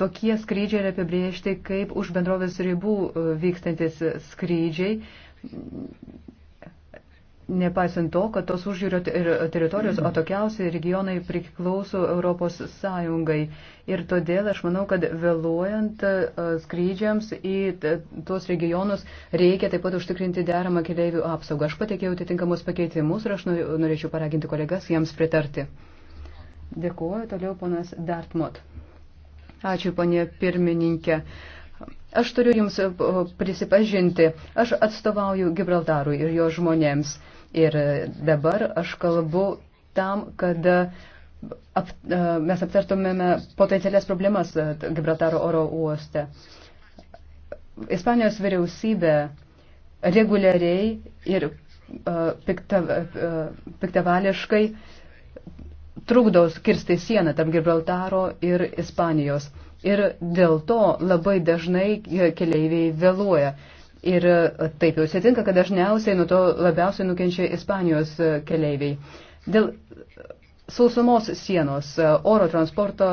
Tokie skrydžiai yra apibriežti kaip už bendrovės ribų uh, vykstantis skrydžiai nepaisant to, kad tos užjūrio teritorijos atokiausi regionai priklauso Europos Sąjungai. Ir todėl aš manau, kad vėluojant e, skrydžiams į tuos regionus reikia taip pat užtikrinti deramą keliaivių apsaugą. Aš patikėjau atitinkamus pakeitimus ir aš norėčiau paraginti kolegas jiems pritarti. Dėkuoju, toliau ponas Dartmot. Ačiū, ponė pirmininkė. Aš turiu Jums e, prisipažinti, aš atstovauju Gibraltarui ir jo žmonėms. Ir dabar aš kalbu tam, kad e, ap, e, mes aptartumėme potencialias problemas e, Gibraltaro oro uoste. Ispanijos vyriausybė reguliariai ir piktavališkai trukdo kirsti sieną tarp Gibraltaro ir Ispanijos. Ir dėl to labai dažnai keleiviai vėluoja. Ir e, taip jau atsitinka, kad dažniausiai nuo to labiausiai nukenčia Ispanijos e, keleiviai. Dėl sausumos sienos e, oro transporto,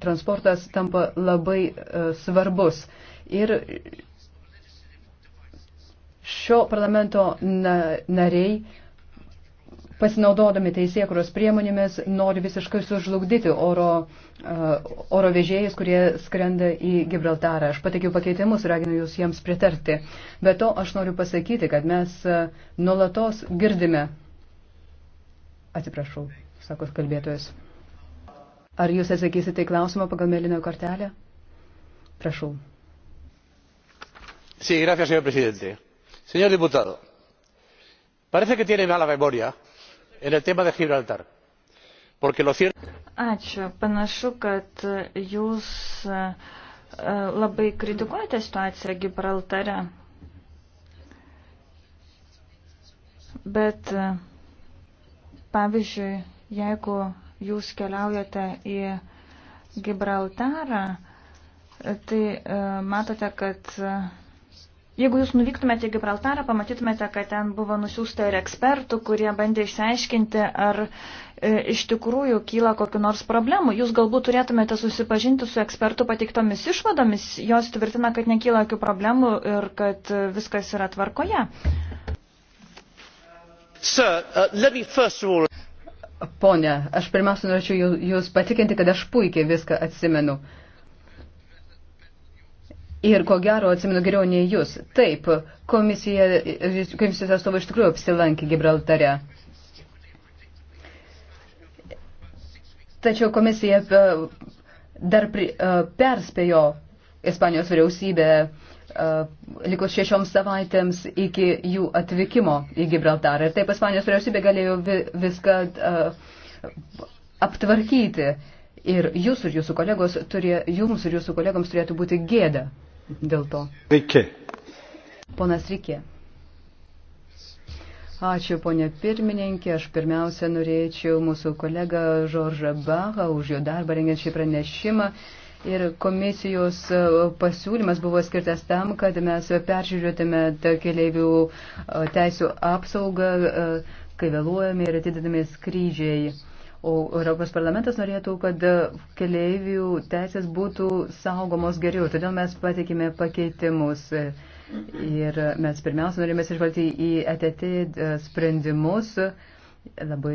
transportas tampa labai svarbus. Ir šio parlamento nariai pasinaudodami teisėkuros priemonėmis, nori visiškai sužlugdyti oro, uh, oro vežėjus, kurie skrenda į Gibraltarą. Aš patikiu pakeitimus, raginu jūs jiems pritarti. Be to, aš noriu pasakyti, kad mes uh, nulatos girdime. Atsiprašau, sakos kalbėtojas. Ar jūs atsakysite į klausimą pagal mėlyną kortelę? Prašau. Sí, gracias, señor presidente. Señor diputado, parece que tiene mala memoria, en el tema de Gibraltar. Porque lo cierto... Ačiū. Panašu, kad jūs e, e, labai kritikuojate situaciją Gibraltare. Bet, e, pavyzdžiui, jeigu jūs keliaujate į Gibraltarą, tai matote, kad Jeigu jūs nuvyktumėte į Gibraltarą, pamatytumėte, kad ten buvo nusiųsta ir ekspertų, kurie bandė išsiaiškinti, ar e, iš tikrųjų kyla kokiu nors problemu. Jūs galbūt turėtumėte susipažinti su ekspertų pateiktomis išvadomis, jos tvirtina, kad nekyla jokių problemų ir kad e, viskas yra tvarkoje. Sir, uh, all... Pone, aš pirmiausia norėčiau jūs patikinti, kad aš puikiai viską atsimenu. Uh, Ir ko gero atsimenu geriau nei jūs. Taip, komisija, komisijos atstovai iš tikrųjų apsilankė Gibraltare. Tačiau komisija e, dar pri, e, perspėjo Ispanijos vyriausybę e, likus šešioms savaitėms iki jų atvykimo į Gibraltarą. Ir taip Ispanijos vyriausybė galėjo viską aptvarkyti. Ir jūs ir jūsų kolegos turė, jums ir jūsų kolegoms turėtų būti gėda dėl to. Reikė. Ponas Reikė. Ačiū, ponė pirmininkė. Aš pirmiausia norėčiau mūsų kolegą Žoržą Bachą už jo darbą rengiant šį pranešimą. Ir komisijos e, pasiūlymas buvo skirtas tam, kad mes peržiūrėtume keliaivių e, teisų apsaugą, e, kai vėluojame ir atidedami skrydžiai. O Europos parlamentas norėtų, kad keleivių teisės būtų saugomos geriau. Todėl mes patikime pakeitimus. Ir mes pirmiausia norime išvalgti į ATT e e, sprendimus. Labai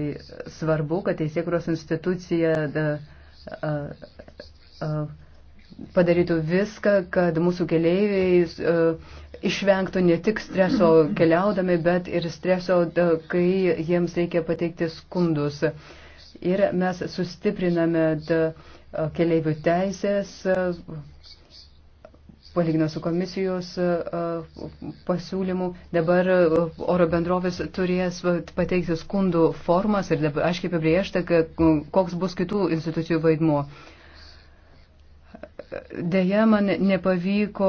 svarbu, kad teisėkuros institucija e, padarytų viską, kad mūsų keleiviai išvengtų ne tik streso keliaudami, bet ir streso, kai jiems reikia pateikti skundus ir mes sustipriname keliaivių teisės, palyginus su komisijos pasiūlymu. Dabar oro bendrovės turės pateikti skundų formas ir dabar aiškiai apibriešta, koks bus kitų institucijų vaidmuo. Deja, man nepavyko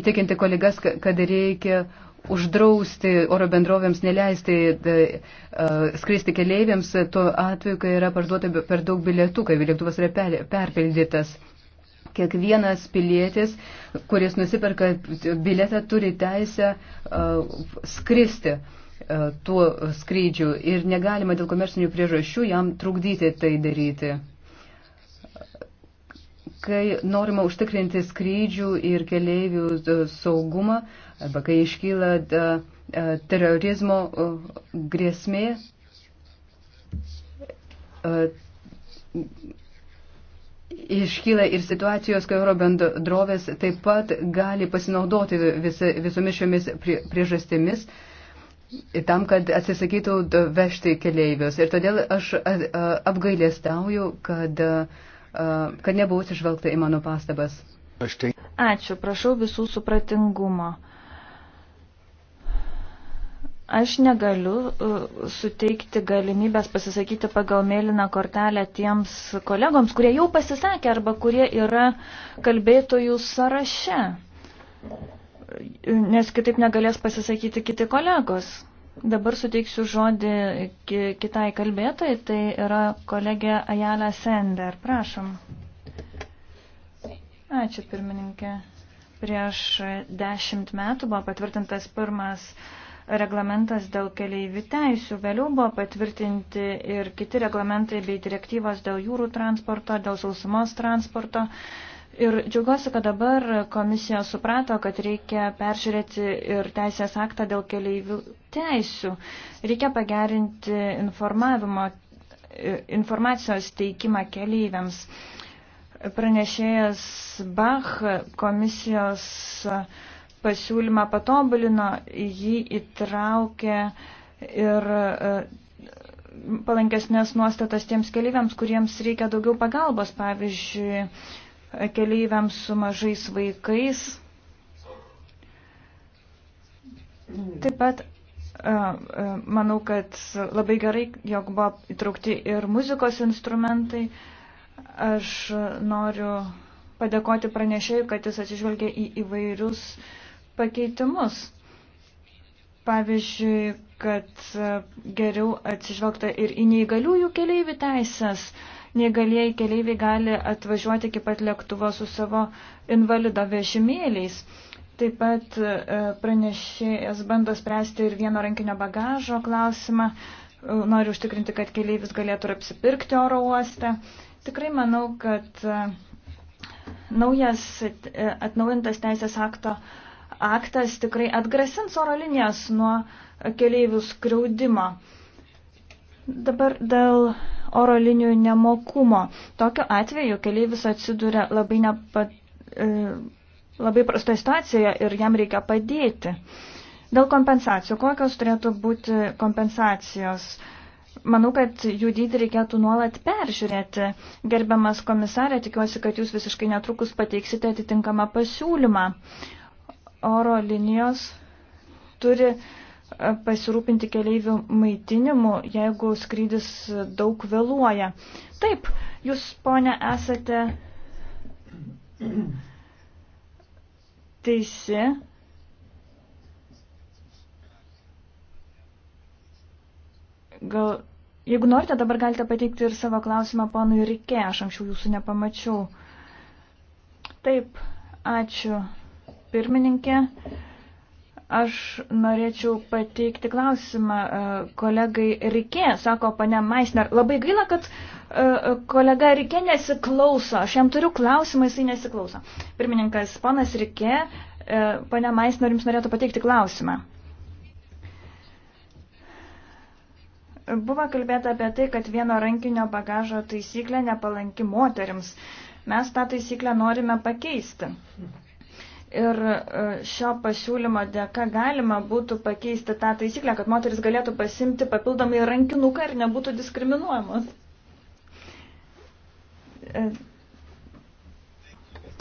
įtikinti kolegas, kad reikia uždrausti oro bendrovėms neleisti e, e, skristi keleiviams tuo atveju, kai yra parduota per daug bilietų, kai lėktuvas yra perpildytas. Kiekvienas pilietis, kuris nusiperka biletą, turi teisę uh, skristi uh, tuo skrydžiu ir negalima dėl komersinių priežasčių jam trukdyti tai daryti kai norima užtikrinti skrydžių ir keleivių saugumą, arba kai iškyla e, e, terorizmo e, grėsmė, iškyla ir situacijos, kai euro bendrovės taip pat gali pasinaudoti vis, visomis šiomis priežastimis tam, kad atsisakytų vežti keleivius. Ir todėl aš apgailėstauju, kad, kad nebuvau atsižvelgta į mano pastabas. Tai- Ačiū, prašau visų supratingumo. Aš negaliu e, suteikti galimybės pasisakyti pagal mėlyną kortelę tiems kolegoms, kurie jau pasisakė arba kurie yra kalbėtojų sąraše, nes kitaip negalės pasisakyti kiti kolegos. Dabar suteiksiu žodį kitai kalbėtojai, tai yra kolegė Ajala Sender. Prašom. Ačiū pirmininkė. Prieš dešimt metų buvo patvirtintas pirmas uh, reglamentas dėl keleivių teisių. Vėliau buvo patvirtinti ir kiti reglamentai bei direktyvos dėl jūrų transporto, dėl sausumos transporto. Ir džiaugiuosi, kad dabar komisija suprato, kad reikia peržiūrėti ir teisės aktą dėl keleivių teisių. Reikia pagerinti informavimo, informacijos teikimą keleiviams. Pranešėjas Bach komisijos uh, pasiūlymą patobulino, jį įtraukė ir e, palankesnės nuostatas tiems keleiviams, kuriems reikia daugiau pagalbos, pavyzdžiui, keleiviams su mažais vaikais. Taip pat e, e, manau, kad labai gerai, jog buvo įtraukti ir muzikos instrumentai. Aš noriu padėkoti pranešėjui, kad jis atsižvelgia į įvairius uh, pakeitimus. Pavyzdžiui, kad e, geriau atsižvelgta ir į neįgaliųjų keleivių teisės. Neįgalieji keleiviai gali atvažiuoti iki pat lėktuvo su savo invalido vežimėliais. Taip pat e, pranešėjas bando spręsti ir vieno rankinio bagažo klausimą. E, Noriu užtikrinti, kad keleivis galėtų ir apsipirkti oro uoste. Tikrai manau, kad naujas atnaujintas teisės akto aktas tikrai atgrasins oro linijas nuo keleivių skriaudimo. Dabar dėl oro linijų nemokumo. Tokiu atveju keleivis atsiduria labai, nepa, e, labai prastoje situacijoje ir jam reikia padėti. Dėl kompensacijų. Kokios turėtų būti kompensacijos? Manau, kad jų dydį reikėtų nuolat peržiūrėti. Gerbiamas komisarė, tikiuosi, kad jūs visiškai netrukus pateiksite atitinkamą pasiūlymą oro linijos turi e, pasirūpinti keleivių maitinimu, jeigu skrydis daug vėluoja. Taip, jūs, ponė, esate teisi. Gal, jeigu norite, dabar galite pateikti ir savo klausimą ponui Rike, aš anksčiau jūsų nepamačiau. Taip, ačiū pirmininkė. Aš norėčiau pateikti klausimą e, kolegai Rikė, sako pane Maisner. Labai gaila, kad e, kolega Rikė nesiklauso. Aš jam turiu klausimą, jisai nesiklauso. Pirmininkas, ponas Rikė, e, pane Maisner, jums norėtų pateikti klausimą. Buvo kalbėta apie tai, kad vieno rankinio bagažo taisyklė nepalanki moteriams. Mes tą taisyklę norime pakeisti. Mhm. Ir e, šio pasiūlymo dėka galima būtų pakeisti tą taisyklę, kad moteris galėtų pasimti papildomai rankinuką ir nebūtų diskriminuojamos. E,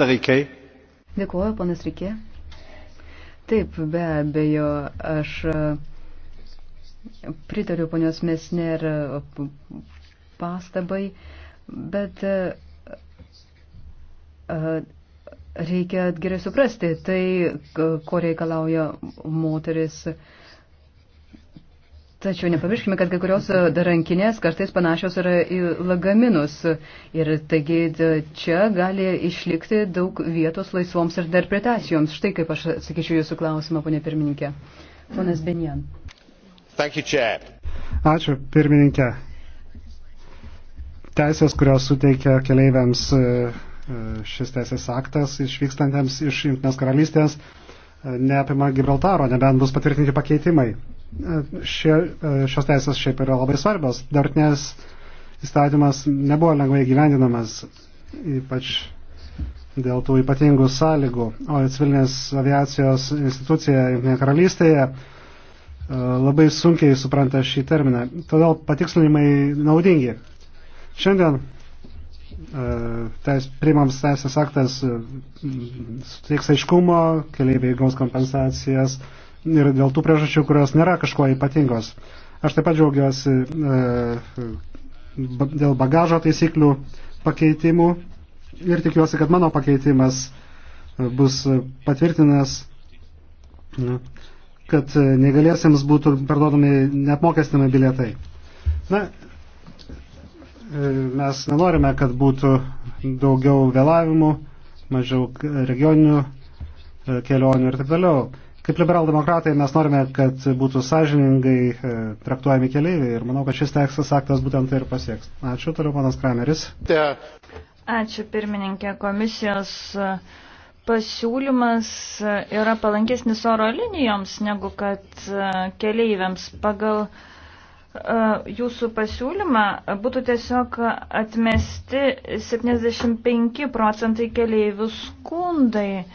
Dėkuoju, ponas Rikė. Taip, be abejo, aš e, pritariu ponios Mesner pastabai, bet. Uh, reikia gerai suprasti tai, ko reikalauja moteris. Tačiau nepamirškime, kad kai kurios rankinės kartais panašios yra į lagaminus. Ir taigi čia gali išlikti daug vietos laisvoms interpretacijoms. Štai kaip aš sakyčiau jūsų klausimą, ponė pirmininkė. Ponas Benjan. Ačiū, pirmininkė. Teisės, kurios suteikia keleiviams e, E, šis teisės aktas išvykstantiems iš Junktinės karalystės e, neapima Gibraltaro, nebent bus patvirtinti pakeitimai. E, šie, šios teisės šiaip yra labai svarbios. Dartinės įstatymas nebuvo lengvai gyvendinamas, ypač dėl tų ypatingų sąlygų. O civilinės aviacijos institucija Junktinėje karalystėje labai sunkiai supranta šį terminą. Todėl patikslinimai naudingi. Šiandien E, teis, priimams teisės aktas e, suteiks aiškumo, keliaiviai gaus kompensacijas ir dėl tų priežasčių, kurios nėra kažkuo ypatingos. Aš taip pat džiaugiuosi e, dėl bagažo taisyklių pakeitimų ir tikiuosi, kad mano pakeitimas bus patvirtinęs kad negalėsiams būtų parduodami neapmokestinami bilietai. Na, E, mes nenorime, kad būtų daugiau vėlavimų, mažiau regioninių e, kelionių ir taip toliau. Kaip liberaldemokratai mes norime, kad būtų sąžiningai e, traktuojami keleiviai ir manau, kad šis tekstas aktas būtent tai ir pasieks. Ačiū, toliau panas Krameris. Ačiū, pirmininkė. Komisijos pasiūlymas yra palankesnis oro linijoms negu kad keleiviams pagal jūsų pasiūlymą būtų tiesiog atmesti 75 procentai keleivių skundai.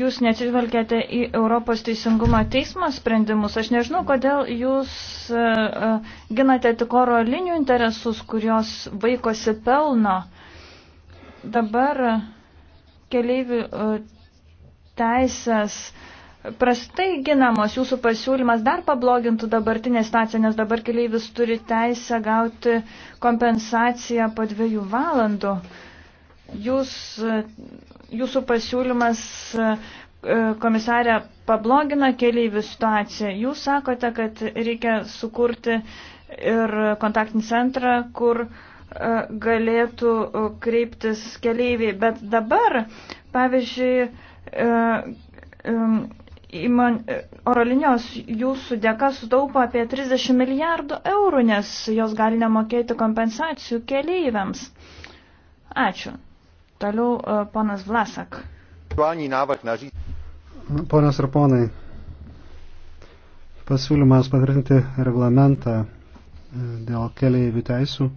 Jūs neatsižvelgėte į Europos teisingumo teismo sprendimus. Aš nežinau, kodėl jūs ginate tik oro linijų interesus, kurios vaikosi pelno. Dabar keleivių teisės uh, prastai ginamos, jūsų pasiūlymas dar pablogintų dabartinę situaciją, nes dabar keleivis turi teisę gauti kompensaciją po dviejų valandų. Jūs, jūsų pasiūlymas e, komisarė pablogina keleivių situaciją. Jūs sakote, kad reikia sukurti ir kontaktinį centrą, kur e, galėtų e, kreiptis keleiviai. Bet dabar, pavyzdžiui, Įmon, e, oro linijos jūsų dėka sutaupo apie 30 milijardų eurų, nes jos gali nemokėti kompensacijų keleiviams. Ačiū. Toliau e, ponas Vlasak. Nu, ponas ir ponai, pasiūlymas patvirtinti reglamentą e, dėl keleivių teisų.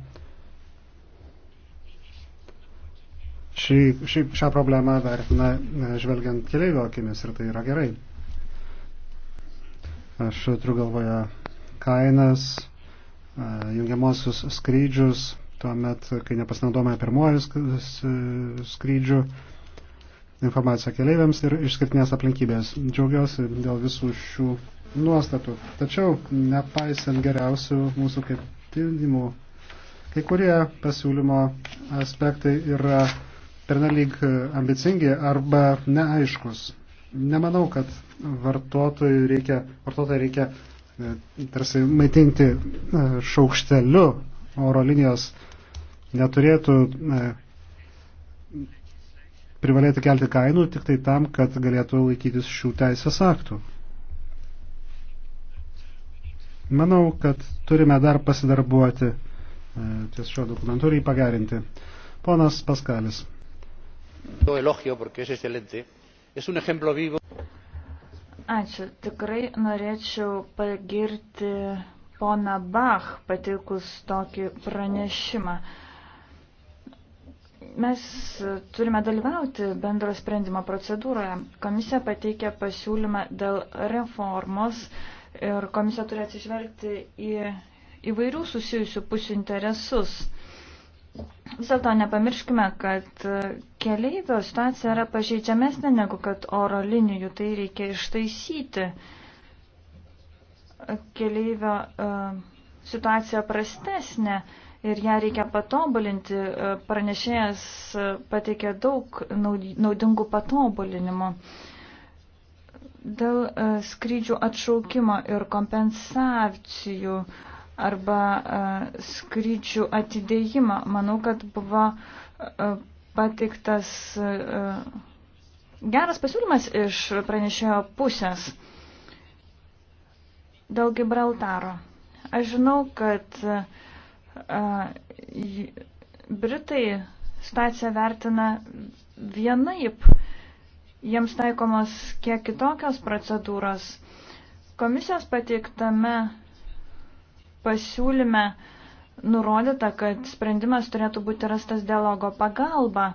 Šį, šį, šią problemą vertina žvelgiant keleivio akimis ir tai yra gerai. Aš turiu galvoje kainas, e, jungiamosius skrydžius, tuomet, kai nepasinaudojame pirmojų skrydžių, informaciją keleiviams ir išskirtinės aplinkybės. Džiaugiuosi dėl visų šių nuostatų. Tačiau, nepaisant geriausių mūsų kaip tyrimų, kai kurie pasiūlymo aspektai yra pernelyg ambicingi arba neaiškus. Nemanau, kad vartotojų reikia, vartotojų reikia e, tarsi maitinti e, šaukšteliu oro linijos neturėtų e, privalėti kelti kainų tik tai tam, kad galėtų laikytis šių teisės aktų. Manau, kad turime dar pasidarbuoti ties šio dokumentu ir jį pagerinti. Ponas Paskalis. Ačiū. Tikrai norėčiau pagirti poną Bach patikus tokį pranešimą. Mes turime dalyvauti bendro sprendimo procedūroje. Komisija pateikė pasiūlymą dėl reformos ir komisija turi atsižvelgti į įvairių susijusių pusių interesus. Vis dėlto nepamirškime, kad keleivio situacija yra pažeidžiamesnė negu kad oro linijų, tai reikia ištaisyti. Keleivio e, situacija prastesnė ir ją reikia patobulinti. E, pranešėjas pateikė daug naudingų patobulinimų. Dėl e, skrydžių atšaukimo ir kompensacijų arba e, skrydžių atidėjimą. Manau, kad buvo e, pateiktas e, geras pasiūlymas iš pranešėjo pusės dėl Gibraltaro. Aš žinau, kad Britai situaciją vertina vienaip, jiems taikomos kiek kitokios procedūros. Komisijos pateiktame pasiūlyme nurodyta, kad sprendimas turėtų būti rastas dialogo pagalba.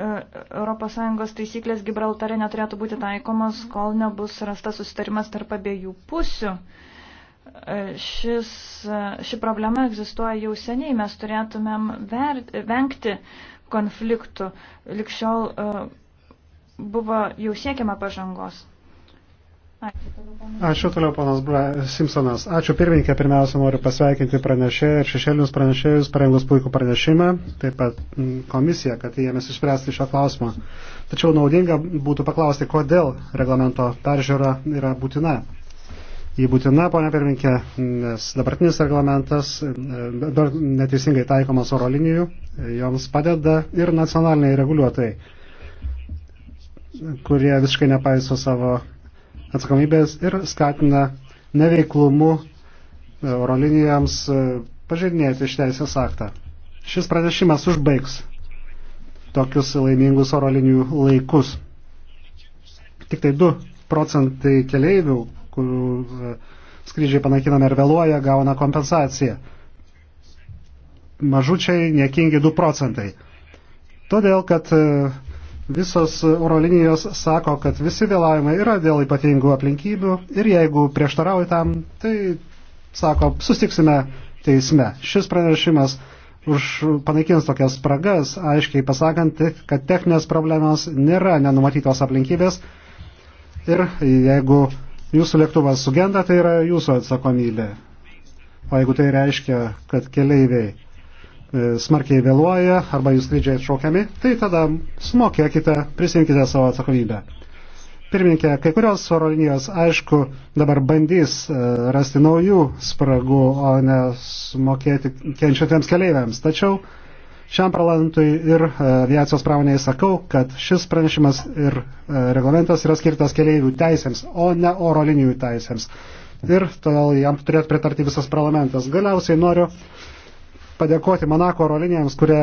ES taisyklės Gibraltare neturėtų būti taikomos, kol nebus rastas susitarimas tarp abiejų pusių. E, šis, e, ši problema egzistuoja jau seniai, mes turėtumėm ver, vengti konfliktų. Likščiol e, buvo jau siekiama pažangos. Ačiū toliau, panas Bra Simpsonas. Ačiū pirmininkė, pirmiausia noriu pasveikinti pranešėjus ir šešėlinius pranešėjus, parengus puikų pranešimą, taip pat komisiją, kad jėmės išspręsti šio klausimą. Tačiau naudinga būtų paklausti, kodėl reglamento peržiūra yra būtina. Jį būtina, ponia pirmininkė, nes dabartinis reglamentas e, dar neteisingai taikomas oro linijų, joms padeda ir nacionaliniai reguliuotojai, kurie visiškai nepaiso savo atsakomybės ir skatina neveiklumu eurolinijams e, pažeidinėti iš teisės aktą. Šis pranešimas užbaigs tokius laimingus orolinijų laikus. Tik tai 2 procentai keleivių, kurių e, skrydžiai panaikinami ar vėluoja, gauna kompensaciją. Mažučiai, niekingi 2 procentai. Todėl, kad e, Visos oro linijos sako, kad visi vėlavimai yra dėl ypatingų aplinkybių ir jeigu prieštarauji tam, tai sako, sustiksime teisme. Šis pranešimas už panaikins tokias spragas, aiškiai pasakant, kad techninės problemos nėra nenumatytos aplinkybės ir jeigu jūsų lėktuvas sugenda, tai yra jūsų atsakomybė. O jeigu tai reiškia, kad keleiviai E, smarkiai vėluoja arba jų skrydžiai atšaukiami, tai tada sumokėkite, prisimkite savo atsakomybę. Pirmininkė, kai kurios oro linijos, aišku, dabar bandys e, rasti naujų spragų, o ne sumokėti kenčiantiems keleiviams. Tačiau šiam parlamentui ir e, aviacijos pramonėje sakau, kad šis pranešimas ir reglamentas yra skirtas keleivių teisėms, o ne oro linijų teisėms. Ir todėl jam turėtų pritarti visas parlamentas. Galiausiai noriu padėkoti Monako oro linijoms, kurie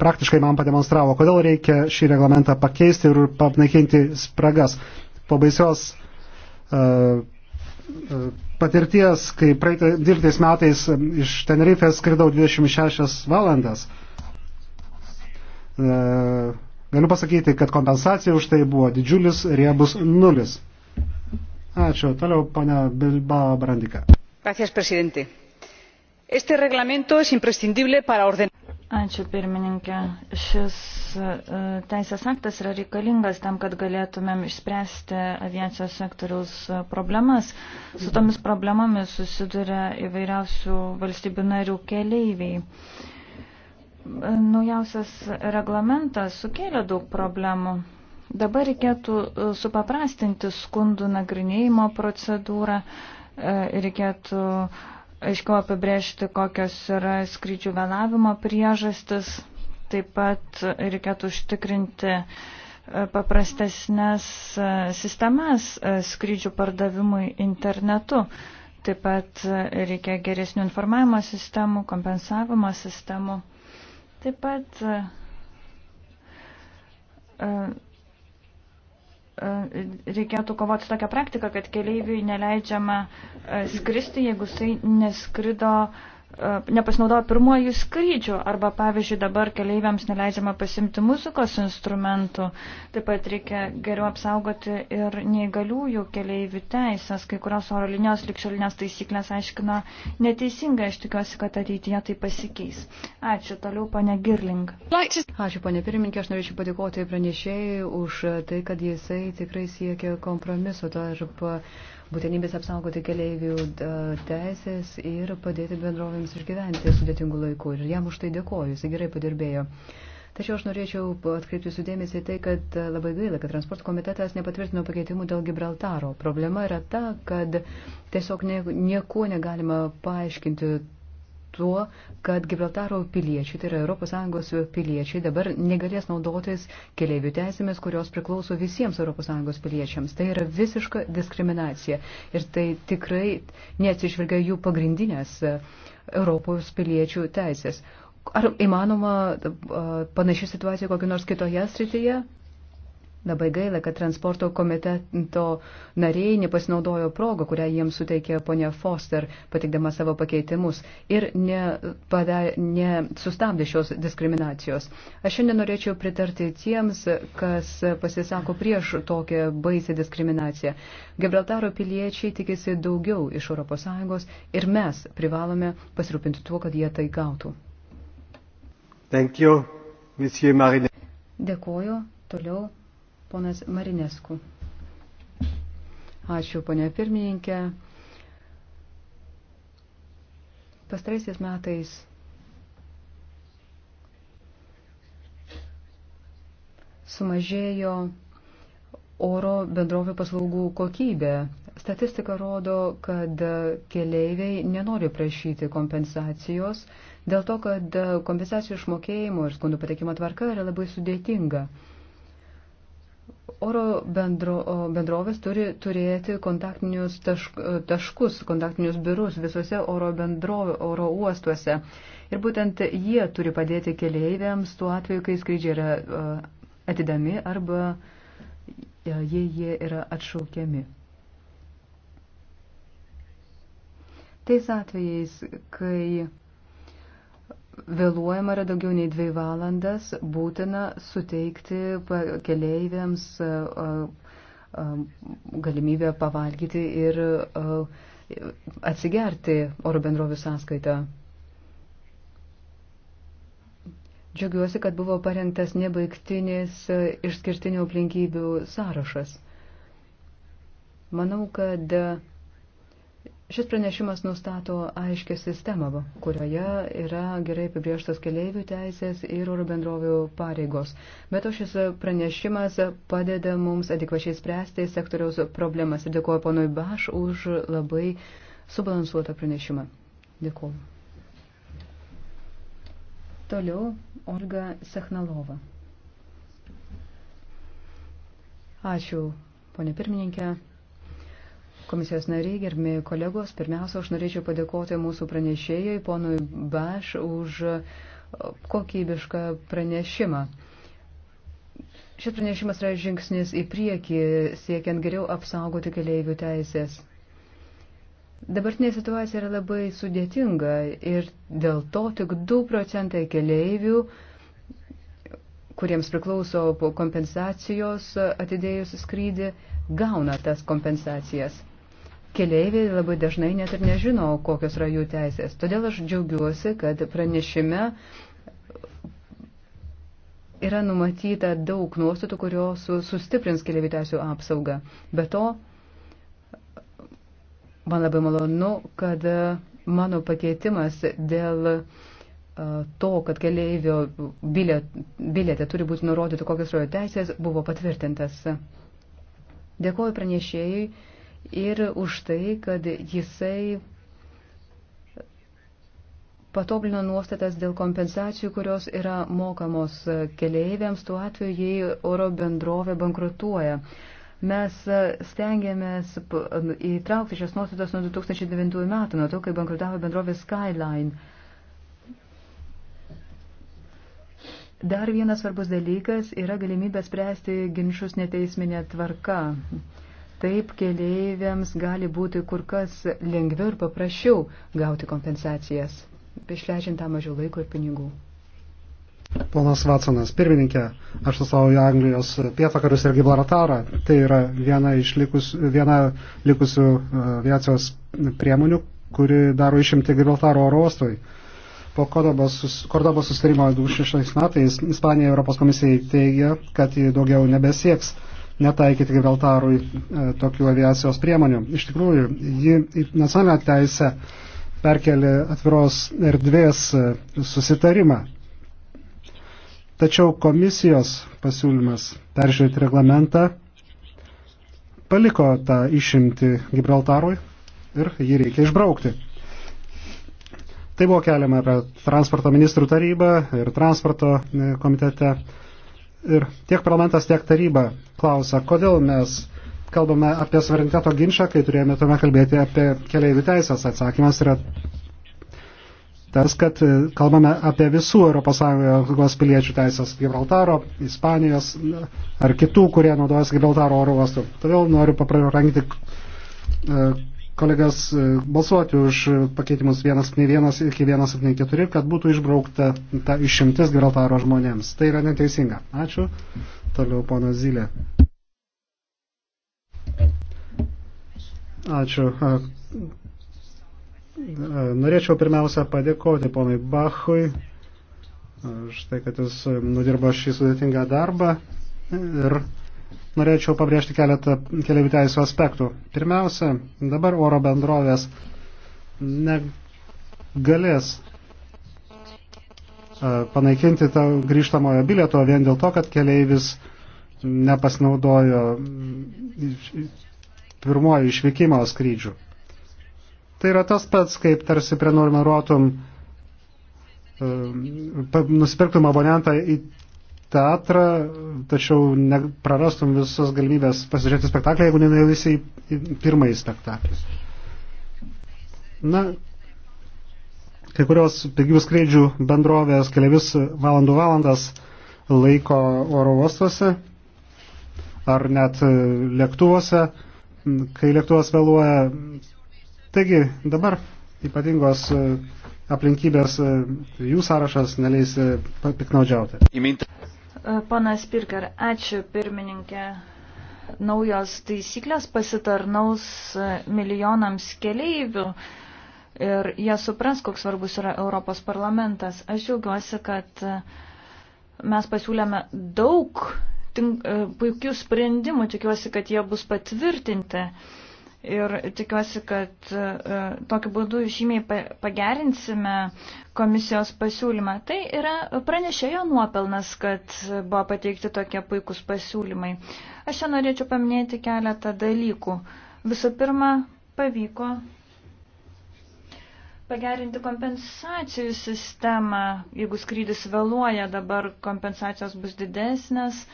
praktiškai man pademonstravo, kodėl reikia šį reglamentą pakeisti ir panaikinti spragas. Po baisios uh, patirties, kai praeitą 12 metais iš Tenerifės skridau 26 valandas. Uh, Galiu pasakyti, kad kompensacija už tai buvo didžiulis riebus nulis. Ačiū. Toliau, ponia Bilbao Brandika. Gracias, presidente este reglamento es imprescindible para ordenar. Ačiū pirmininkė. Šis e, teisės aktas yra reikalingas tam, kad galėtumėm išspręsti aviacijos sektoriaus problemas. Su tomis problemomis susiduria įvairiausių valstybių narių keleiviai. E, naujausias reglamentas sukėlė daug problemų. Dabar reikėtų e, supaprastinti skundų nagrinėjimo procedūrą, reikėtų uh, aiškiau apibrėžti, kokios yra skrydžių vėlavimo priežastis. Taip pat reikėtų užtikrinti e, paprastesnės e, sistemas e, skrydžių pardavimui internetu. Taip pat reikia geresnių informavimo sistemų, kompensavimo sistemų. Taip pat E, reikėtų kovoti tokią praktiką, kad keleiviui neleidžiama e, skristi, jeigu jisai neskrido uh, E, nepasinaudojo pirmojų skrydžių arba, pavyzdžiui, dabar keleiviams neleidžiama pasimti muzikos instrumentų. Taip pat reikia geriau apsaugoti ir neįgaliųjų keleivių teisės. Kai kurios oro linijos likščiolinės taisyklės aiškino neteisingai. Aš tikiuosi, kad ateityje tai pasikeis. Ačiū. Toliau, ponė Girling. Ačiū, ponė pirmininkė. Aš norėčiau padėkoti pranešėjai už tai, kad jisai tikrai siekia kompromiso tarp. Uh, būtinybės apsaugoti keleivių e, teisės ir padėti bendrovėms išgyventi sudėtingų laikų. Ir jam už tai dėkoju, jis gerai padirbėjo. Tačiau aš norėčiau atkreipti sudėmėsi tai, kad e, labai gaila, kad transporto komitetas nepatvirtino pakeitimų dėl Gibraltaro. Problema yra ta, kad tiesiog nieko negalima paaiškinti tuo, kad Gibraltaro piliečiai, tai yra ES piliečiai, dabar negalės naudotis keliaivių teisėmis, kurios priklauso visiems ES piliečiams. Tai yra visiška diskriminacija ir tai tikrai neatsižvelgia jų pagrindinės e, Europos piliečių teisės. Ar įmanoma e, panaši situacija kokio nors kitoje srityje? Labai gaila, kad transporto komiteto nariai nepasinaudojo progą, kurią jiems suteikė ponia Foster, patikdama savo pakeitimus ir nesustabdė ne šios diskriminacijos. Aš šiandien norėčiau pritarti tiems, kas pasisako prieš tokią baisę diskriminaciją. Gibraltaro piliečiai tikisi daugiau iš ES ir mes privalome pasirūpinti tuo, kad jie tai gautų. Thank you, Dėkuoju. Toliau ponas Marinesku. Ačiū, ponė pirmininkė. Pastraisiais metais sumažėjo oro bendrovių paslaugų kokybė. Statistika rodo, kad keleiviai nenori prašyti kompensacijos dėl to, kad kompensacijų išmokėjimo ir skundų patekimo tvarka yra labai sudėtinga. Oro bendro, bendrovės turi turėti kontaktinius tašk, e, taškus, kontaktinius biurus visose oro, bendro, oro uostuose. Ir būtent jie turi padėti keleiviams tuo atveju, kai skrydžiai yra e, atidami arba e, jei jie yra atšaukiami. Tais atvejais, kai vėluojama yra daugiau nei dvi valandas, būtina suteikti keleiviams galimybę pavalgyti ir atsigerti oro bendrovių sąskaitą. Džiaugiuosi, kad buvo parengtas nebaigtinis išskirtinių aplinkybių sąrašas. Manau, kad Šis pranešimas nustato aiškę sistemą, kurioje yra gerai apibrieštos keleivių teisės ir oro bendrovių pareigos. Bet o šis pranešimas padeda mums adekvačiai spręsti sektoriaus problemas. Ir dėkuoju ponui Baš už labai subalansuotą pranešimą. Dėkuoju. Toliau Olga Sechnalova. Ačiū, ponė pirmininkė. Komisijos nariai, gerbimi kolegos, pirmiausia, aš norėčiau padėkoti mūsų pranešėjai, ponui Baš, už kokybišką pranešimą. Šis pranešimas yra žingsnis į priekį, siekiant geriau apsaugoti keliaivių teisės. Dabartinė situacija yra labai sudėtinga ir dėl to tik 2 procentai keliaivių kuriems priklauso kompensacijos atidėjus skrydį, gauna tas kompensacijas keleiviai labai dažnai net ir nežino, kokios yra jų teisės. Todėl aš džiaugiuosi, kad pranešime yra numatyta daug nuostatų, kurios sustiprins keliaivių teisų apsaugą. Be to, man labai malonu, kad e, mano pakeitimas dėl e, to, kad keleivio bilietė turi būti nurodyti, kokios yra teisės, buvo patvirtintas. Dėkuoju pranešėjai ir už tai, kad jisai patobulino nuostatas dėl kompensacijų, kurios yra mokamos keleiviams tuo atveju, jei oro bendrovė bankrutuoja. Mes stengiamės įtraukti šias nuostatas nuo 2009 metų, nuo to, kai bankrutavo bendrovė Skyline. Dar vienas svarbus dalykas yra galimybė spręsti ginčius neteisminė tvarka. Taip keleiviams gali būti kur kas lengviau ir paprasčiau gauti kompensacijas, išleidžiant tą mažiau laiko ir pinigų. Ponas Vatsonas, pirmininkė, aš atstovauju Anglijos pietvakarius ir Gibraltarą. Tai yra viena iš likus, viena likusių e, aviacijos priemonių, kuri daro išimti Gibraltaro oro uostui. Po Kordobos susitarimo 2006 metais Ispanija Europos komisijai teigia, kad ji daugiau nebesieks netaikyti Gibraltarui e, tokių aviacijos priemonių. Iš tikrųjų, ji į nacionalinę teisę perkelė atviros erdvės e, susitarimą. Tačiau komisijos pasiūlymas peržiūrėti reglamentą paliko tą išimti Gibraltarui ir jį reikia išbraukti. Tai buvo keliama per transporto ministrų tarybą ir transporto e, komitete Ir tiek parlamentas, tiek taryba klausia, kodėl mes kalbame apie suvereniteto ginčą, kai turėjome tame kalbėti apie keliaivių teisės. Atsakymas yra tas, kad e, kalbame apie visų ES piliečių teisės Gibraltaro, Ispanijos ar kitų, kurie naudojasi Gibraltaro oro uostu. Todėl noriu paprarangti e, kolegas e, balsuoti už pakeitimus 171 iki 174, kad būtų išbraukta ta išimtis Gibraltaro žmonėms. Tai yra neteisinga. Ačiū. Toliau ponas Zylė. Ačiū. Norėčiau pirmiausia padėkoti ponui Bachui už tai, kad jis nudirbo šį sudėtingą darbą ir norėčiau pabrėžti keletą keliaivių teisų aspektų. Pirmiausia, dabar oro bendrovės negalės e, panaikinti tą grįžtamojo bilieto vien dėl to, kad keleivis nepasinaudojo pirmojo išvykimo skrydžių. Tai yra tas pats, kaip tarsi prenumeruotum, e, nusipirktum abonentą į teatrą, tačiau prarastum visas galimybės pasižiūrėti spektaklį, jeigu nenuėjusi į pirmąjį spektaklį. Na, kai kurios pigių skrydžių bendrovės keliavis valandų valandas laiko oro uostuose ar net lėktuvuose, kai lėktuvas vėluoja. Taigi dabar ypatingos aplinkybės jų sąrašas neleis piknaudžiauti. Panas Pirker, ačiū pirmininkė. Naujos taisyklės pasitarnaus milijonams keleivių ir jie supras, koks svarbus yra Europos parlamentas. Aš džiaugiuosi, kad mes pasiūlėme daug tink, puikių sprendimų, tikiuosi, kad jie bus patvirtinti ir tikiuosi, kad e, tokiu būdu žymiai pagerinsime komisijos pasiūlymą. Tai yra pranešėjo nuopelnas, kad buvo pateikti tokie puikūs pasiūlymai. Aš čia norėčiau paminėti keletą dalykų. Visų pirma, pavyko pagerinti kompensacijų sistemą, jeigu skrydis vėluoja, dabar kompensacijos bus didesnės. Uh,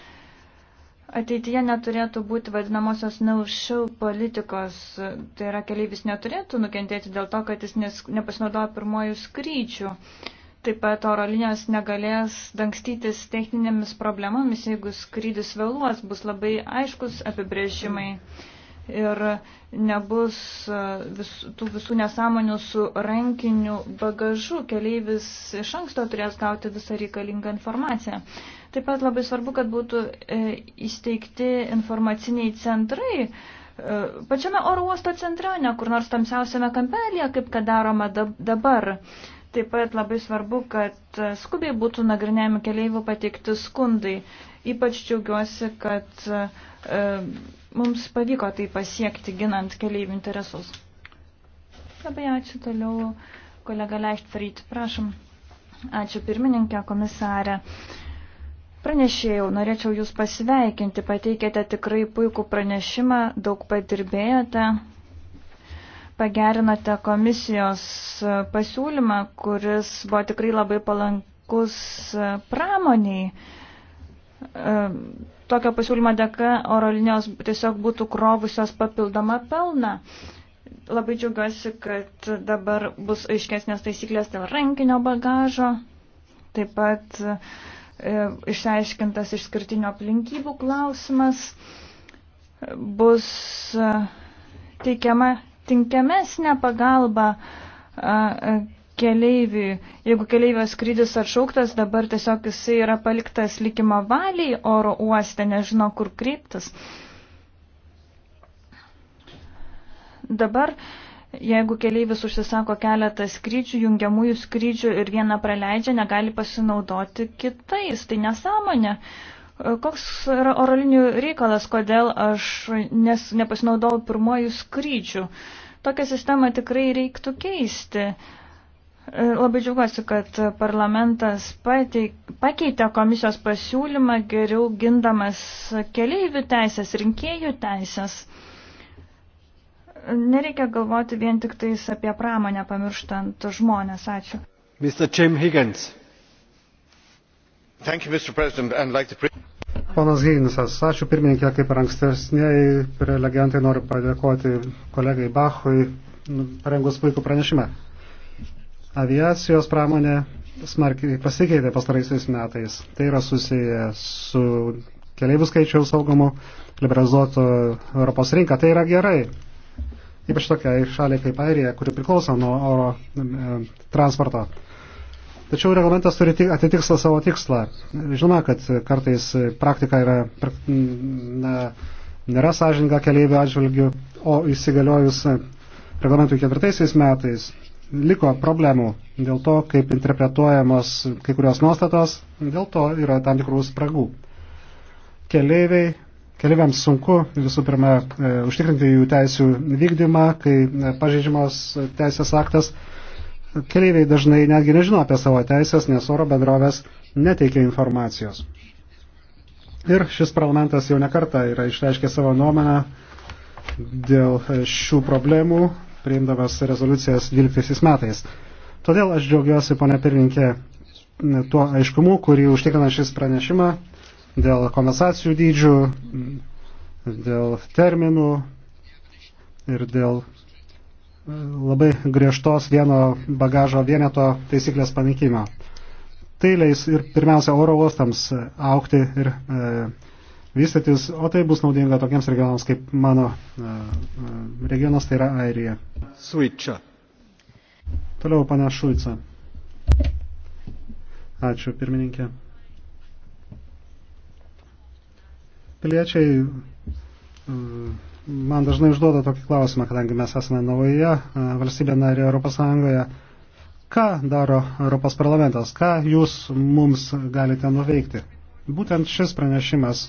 ateityje neturėtų būti vadinamosios neužšiau politikos, tai yra keleivis neturėtų nukentėti dėl to, kad jis nepasinaudojo pirmojų skrydžių. Taip pat oro linijos negalės dangstytis techninėmis problemomis, jeigu skrydis vėluos, bus labai aiškus apibrėžimai ir nebus e, vis, tų visų nesąmonių su rankiniu bagažu, keleivis iš anksto turės gauti visą reikalingą informaciją. Taip pat labai svarbu, kad būtų e, įsteigti informaciniai centrai e, pačiame oro uosto centre, ne kur nors tamsiausiame kampelėje, kaip kad daroma dabar. Taip pat labai svarbu, kad e, skubiai būtų nagrinėjami keliaivių pateikti skundai. Ypač džiaugiuosi, kad e, mums pavyko tai pasiekti, ginant keliaivių interesus. Labai ačiū toliau, kolega Leichtfried, prašom. Ačiū pirmininkė, komisarė. E, Pranešėjau, norėčiau Jūs pasveikinti, pateikėte tikrai puikų pranešimą, daug padirbėjote, pagerinote komisijos pasiūlymą, kuris buvo tikrai labai palankus pramoniai. E, tokio pasiūlymo dėka oro linijos tiesiog būtų krovusios papildomą pelną. Labai džiaugiuosi, kad dabar bus aiškesnės taisyklės dėl rankinio bagažo. Taip pat uh, E, išaiškintas išskirtinio aplinkybių klausimas, e, bus e, teikiama tinkamesnė pagalba keleiviui. Jeigu keleivio skrydis atšauktas, dabar tiesiog jisai yra paliktas likimo valiai oro uoste, nežino kur kryptis. Dabar uh, Jeigu keleivis užsisako keletą skrydžių, jungiamųjų skrydžių ir vieną praleidžia, negali pasinaudoti kitais. Tai nesąmonė. Koks yra oralinių reikalas, kodėl aš nes, nepasinaudojau pirmojų skrydžių? Tokią sistemą tikrai reiktų keisti. E, labai džiaugiuosi, kad parlamentas pateik, pakeitė komisijos pasiūlymą geriau gindamas keleivių teisės, rinkėjų teisės nereikia galvoti vien tik tais apie pramonę, pamirštant žmonės. Ačiū. Mr. Jim Higgins. Thank you, Mr. President, and like the... Ponas Heinsas, ačiū pirmininkė, kaip ir ankstesniai prelegentai noriu padėkoti kolegai Bachui, nu, parengus puikų pranešimą. Aviacijos pramonė smarkiai pasikeitė pastaraisiais metais. Tai yra susiję su keliaivių skaičiaus saugumu, liberalizuotų Europos rinką. Tai yra gerai ypač tokiai šaliai kaip Airija, kuri priklauso nuo oro e, transporto. Tačiau reglamentas turi atitiksta savo tikslą. Žinoma, kad kartais praktika yra, na, nėra sąžininga keleivių atžvilgių, o įsigaliojus reglamentui ketvirtaisiais metais liko problemų dėl to, kaip interpretuojamos kai kurios nuostatos, dėl to yra tam tikrų spragų. Keleiviai Keliaviams sunku visų pirma e, užtikrinti jų teisių vykdymą, kai e, pažeidžiamos teisės aktas. Keleiviai dažnai netgi nežino apie savo teisės, nes oro bendrovės neteikia informacijos. Ir šis parlamentas jau nekarta yra išreiškę savo nuomonę dėl šių problemų, priimdamas rezoliucijas 12 metais. Todėl aš džiaugiuosi, ponė pirminkė, tuo aiškumu, kurį užtikrina šis pranešimą dėl kompensacijų dydžių, dėl terminų ir dėl e, labai griežtos vieno bagažo vieneto taisyklės panaikimo. Tai leis ir pirmiausia oro uostams aukti ir e, vystytis, o tai bus naudinga tokiems regionams kaip mano e, e regionas, tai yra Airija. Suičia. Toliau pana Šuica. Ačiū pirmininkė. Piliečiai mm, man dažnai užduoda tokį klausimą, kadangi mes esame nauja e, valstybė narė Europos Sąjungoje. Ką daro Europos parlamentas? Ką jūs mums galite nuveikti? Būtent šis pranešimas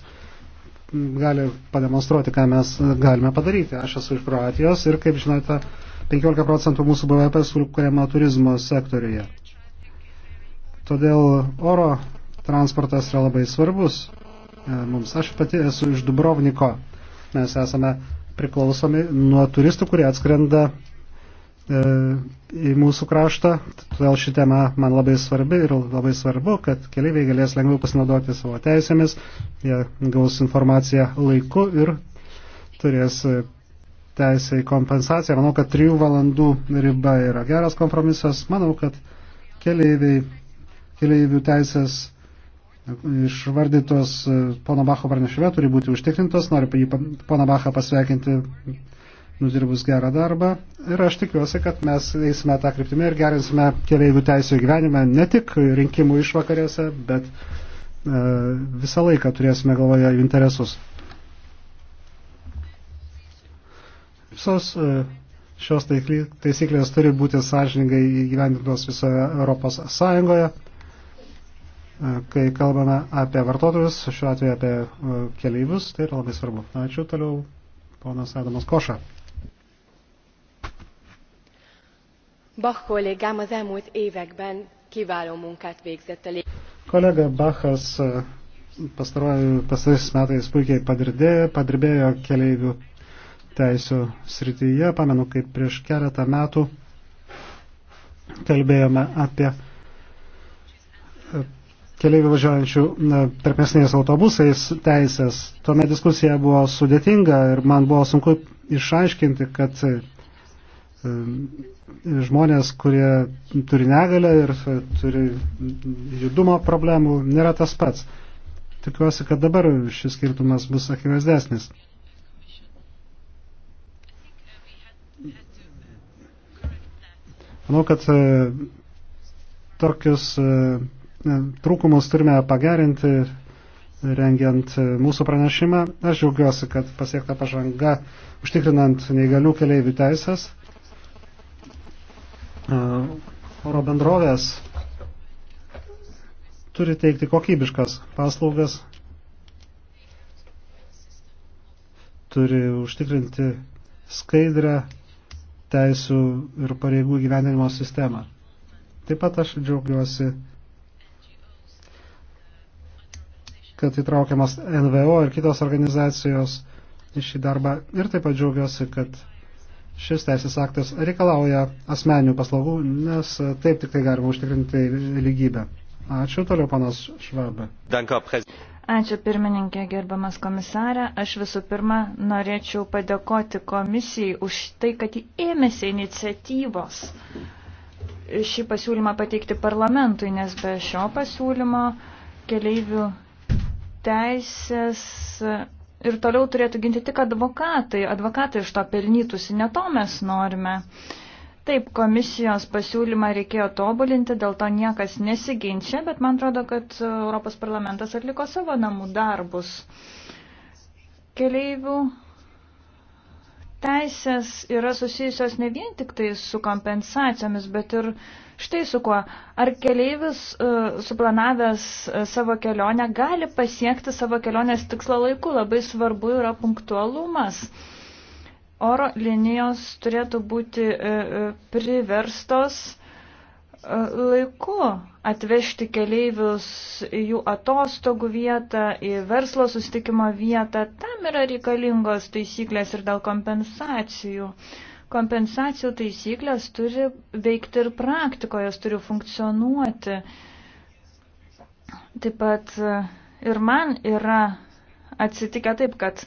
gali pademonstruoti, ką mes galime padaryti. Aš esu iš Kroatijos ir, kaip žinote, 15 procentų mūsų BVP sukuriama turizmo sektoriuje. Todėl oro transportas yra labai svarbus. E, mums. Aš pati esu iš Dubrovniko. Mes esame priklausomi nuo turistų, kurie atskrenda e, į mūsų kraštą. Todėl ši tema man labai svarbi ir labai svarbu, kad keliaiviai galės lengviau pasinaudoti savo teisėmis, jie gaus informaciją laiku ir turės teisę į kompensaciją. Manau, kad trijų valandų riba yra geras kompromisas. Manau, kad keliaiviai, keliaivių teisės išvardytos e, pono Bacho pranešime turi būti užtikrintos. Noriu pono Bachą pasveikinti nudirbus gerą darbą. Ir aš tikiuosi, kad mes eisime tą kryptimį ir gerinsime keliaivių teisų gyvenimą ne tik rinkimų išvakarėse, bet e, visą laiką turėsime galvoje jų interesus. Visos e, šios taisyklės turi būti sąžiningai įgyvendintos visoje Europos Sąjungoje kai kalbame apie vartotojus, šiuo atveju apie keleivius, tai yra labai svarbu. Ačiū toliau, ponas Adamas Koša. Bach kollégám az elmúlt években kiváló munkát végzett a lég. Kolega Bachas pastarais metais puikiai padirbėjo, padirbėjo keleivių teisų srityje. Pamenu, kaip prieš keletą metų kalbėjome apie keliaivių važiuojančių tarpmesniais autobusais teisės. Tuomet diskusija buvo sudėtinga ir man buvo sunku išaiškinti, kad e, žmonės, kurie turi negalę ir e, turi judumo problemų, nėra tas pats. Tikiuosi, kad dabar šis skirtumas bus akivaizdesnis. Manau, kad e, tokius trūkumus turime pagerinti, rengiant e, mūsų pranešimą. Aš džiaugiuosi, kad pasiekta pažanga užtikrinant neįgalių keliaivių teisės. E, oro bendrovės turi teikti kokybiškas paslaugas, turi užtikrinti skaidrę teisų ir pareigų gyvenimo sistemą. Taip pat aš džiaugiuosi kad įtraukiamas NVO ir kitos organizacijos į šį darbą. Ir taip pat džiaugiuosi, kad šis teisės aktas reikalauja asmeninių paslaugų, nes taip tik tai galima užtikrinti lygybę. Ačiū toliau, panas Švabė. Ačiū pirmininkė, gerbamas komisarė. Aš visų pirma norėčiau padėkoti komisijai už tai, kad jį ėmėsi iniciatyvos šį pasiūlymą pateikti parlamentui, nes be šio pasiūlymo keleivių teisės ir toliau turėtų ginti tik advokatai. Advokatai iš to pelnytųsi, ne to mes norime. Taip, komisijos pasiūlymą reikėjo tobulinti, dėl to niekas nesiginčia, bet man atrodo, kad Europos parlamentas atliko savo namų darbus. Keleivių teisės yra susijusios ne vien tik tai su kompensacijomis, bet ir uh, Štai su kuo. Ar keleivis e, suplanavęs e, savo kelionę gali pasiekti savo kelionės tikslo laiku? Labai svarbu yra punktualumas. Oro linijos turėtų būti e, priverstos laiku atvežti keleivius į jų atostogų vietą, į verslo sustikimo vietą. Tam yra reikalingos taisyklės ir dėl kompensacijų. Uh, Kompensacijų taisyklės turi veikti ir praktikoje, jos turi funkcionuoti. Taip pat e, ir man yra atsitikę taip, kad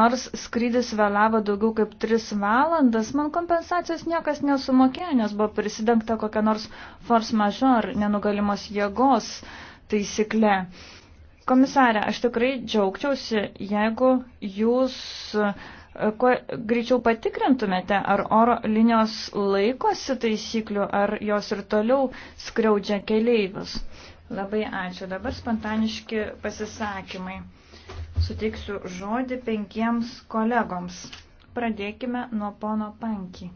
nors skrydis vėlavo daugiau kaip 3 valandas, man kompensacijos niekas nesumokėjo, nes buvo prisidengta kokia nors force majeure, nenugalimos jėgos taisykle. Komisarė, aš tikrai džiaugčiausi, jeigu jūs uh, kuo greičiau patikrintumėte, ar oro linijos laikosi taisyklių, ar jos ir toliau skriaudžia keleivius. Labai ačiū. Dabar spontaniški pasisakymai. Suteiksiu žodį penkiems kolegoms. Pradėkime nuo pono Pankį.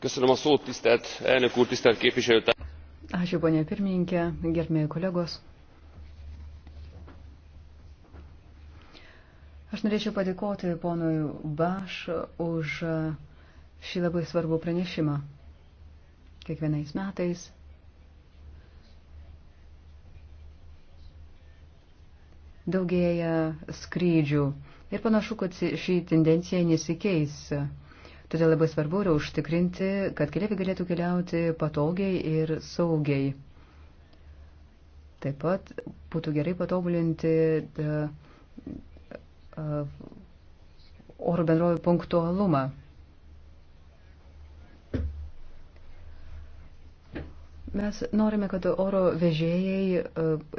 Köszönöm a szót, tisztelt elnök úr, tisztelt képviselőtár. Ačiū, ponė pirmininkė, gerbėjai kolegos. Aš norėčiau padėkoti ponui Baš už šį labai svarbų pranešimą. Kiekvienais metais daugėja skrydžių ir panašu, kad šį tendenciją nesikeis. Todėl labai svarbu yra užtikrinti, kad keliaiviai galėtų keliauti patogiai ir saugiai. Taip pat būtų gerai patobulinti e, E, oro bendrovių punktualumą. Mes norime, kad oro vežėjai e,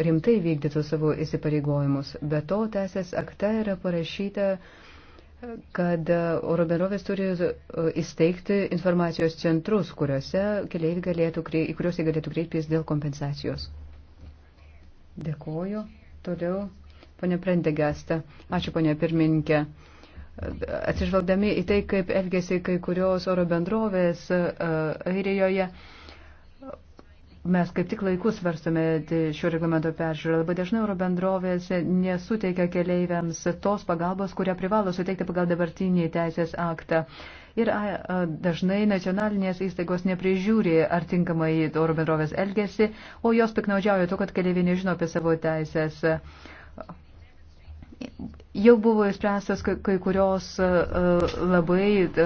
rimtai vykdytų savo įsipareigojimus. Be to, teisės akte yra parašyta, e, kad oro bendrovės turi įsteigti informacijos centrus, kuriuose keliai galėtų, į kuriuos jie galėtų kreiptis dėl kompensacijos. Dėkoju. Toliau Pone Prendegasta, ačiū ponė pirmininkė. Atsižvelgdami į tai, kaip elgėsi kai kurios oro bendrovės e, Airijoje, mes kaip tik laikus svarstome šio reglamento peržiūrą. Labai dažnai oro bendrovės nesuteikia keleiviams tos pagalbos, kurią privalo suteikti pagal dabartinį teisės aktą ir dažnai nacionalinės įstaigos neprižiūri, ar tinkamai oro bendrovės elgesi, o jos piknaudžiauja to, kad keliaiviai nežino apie savo teisės. Jau buvo išspręstas kai kurios e, labai e,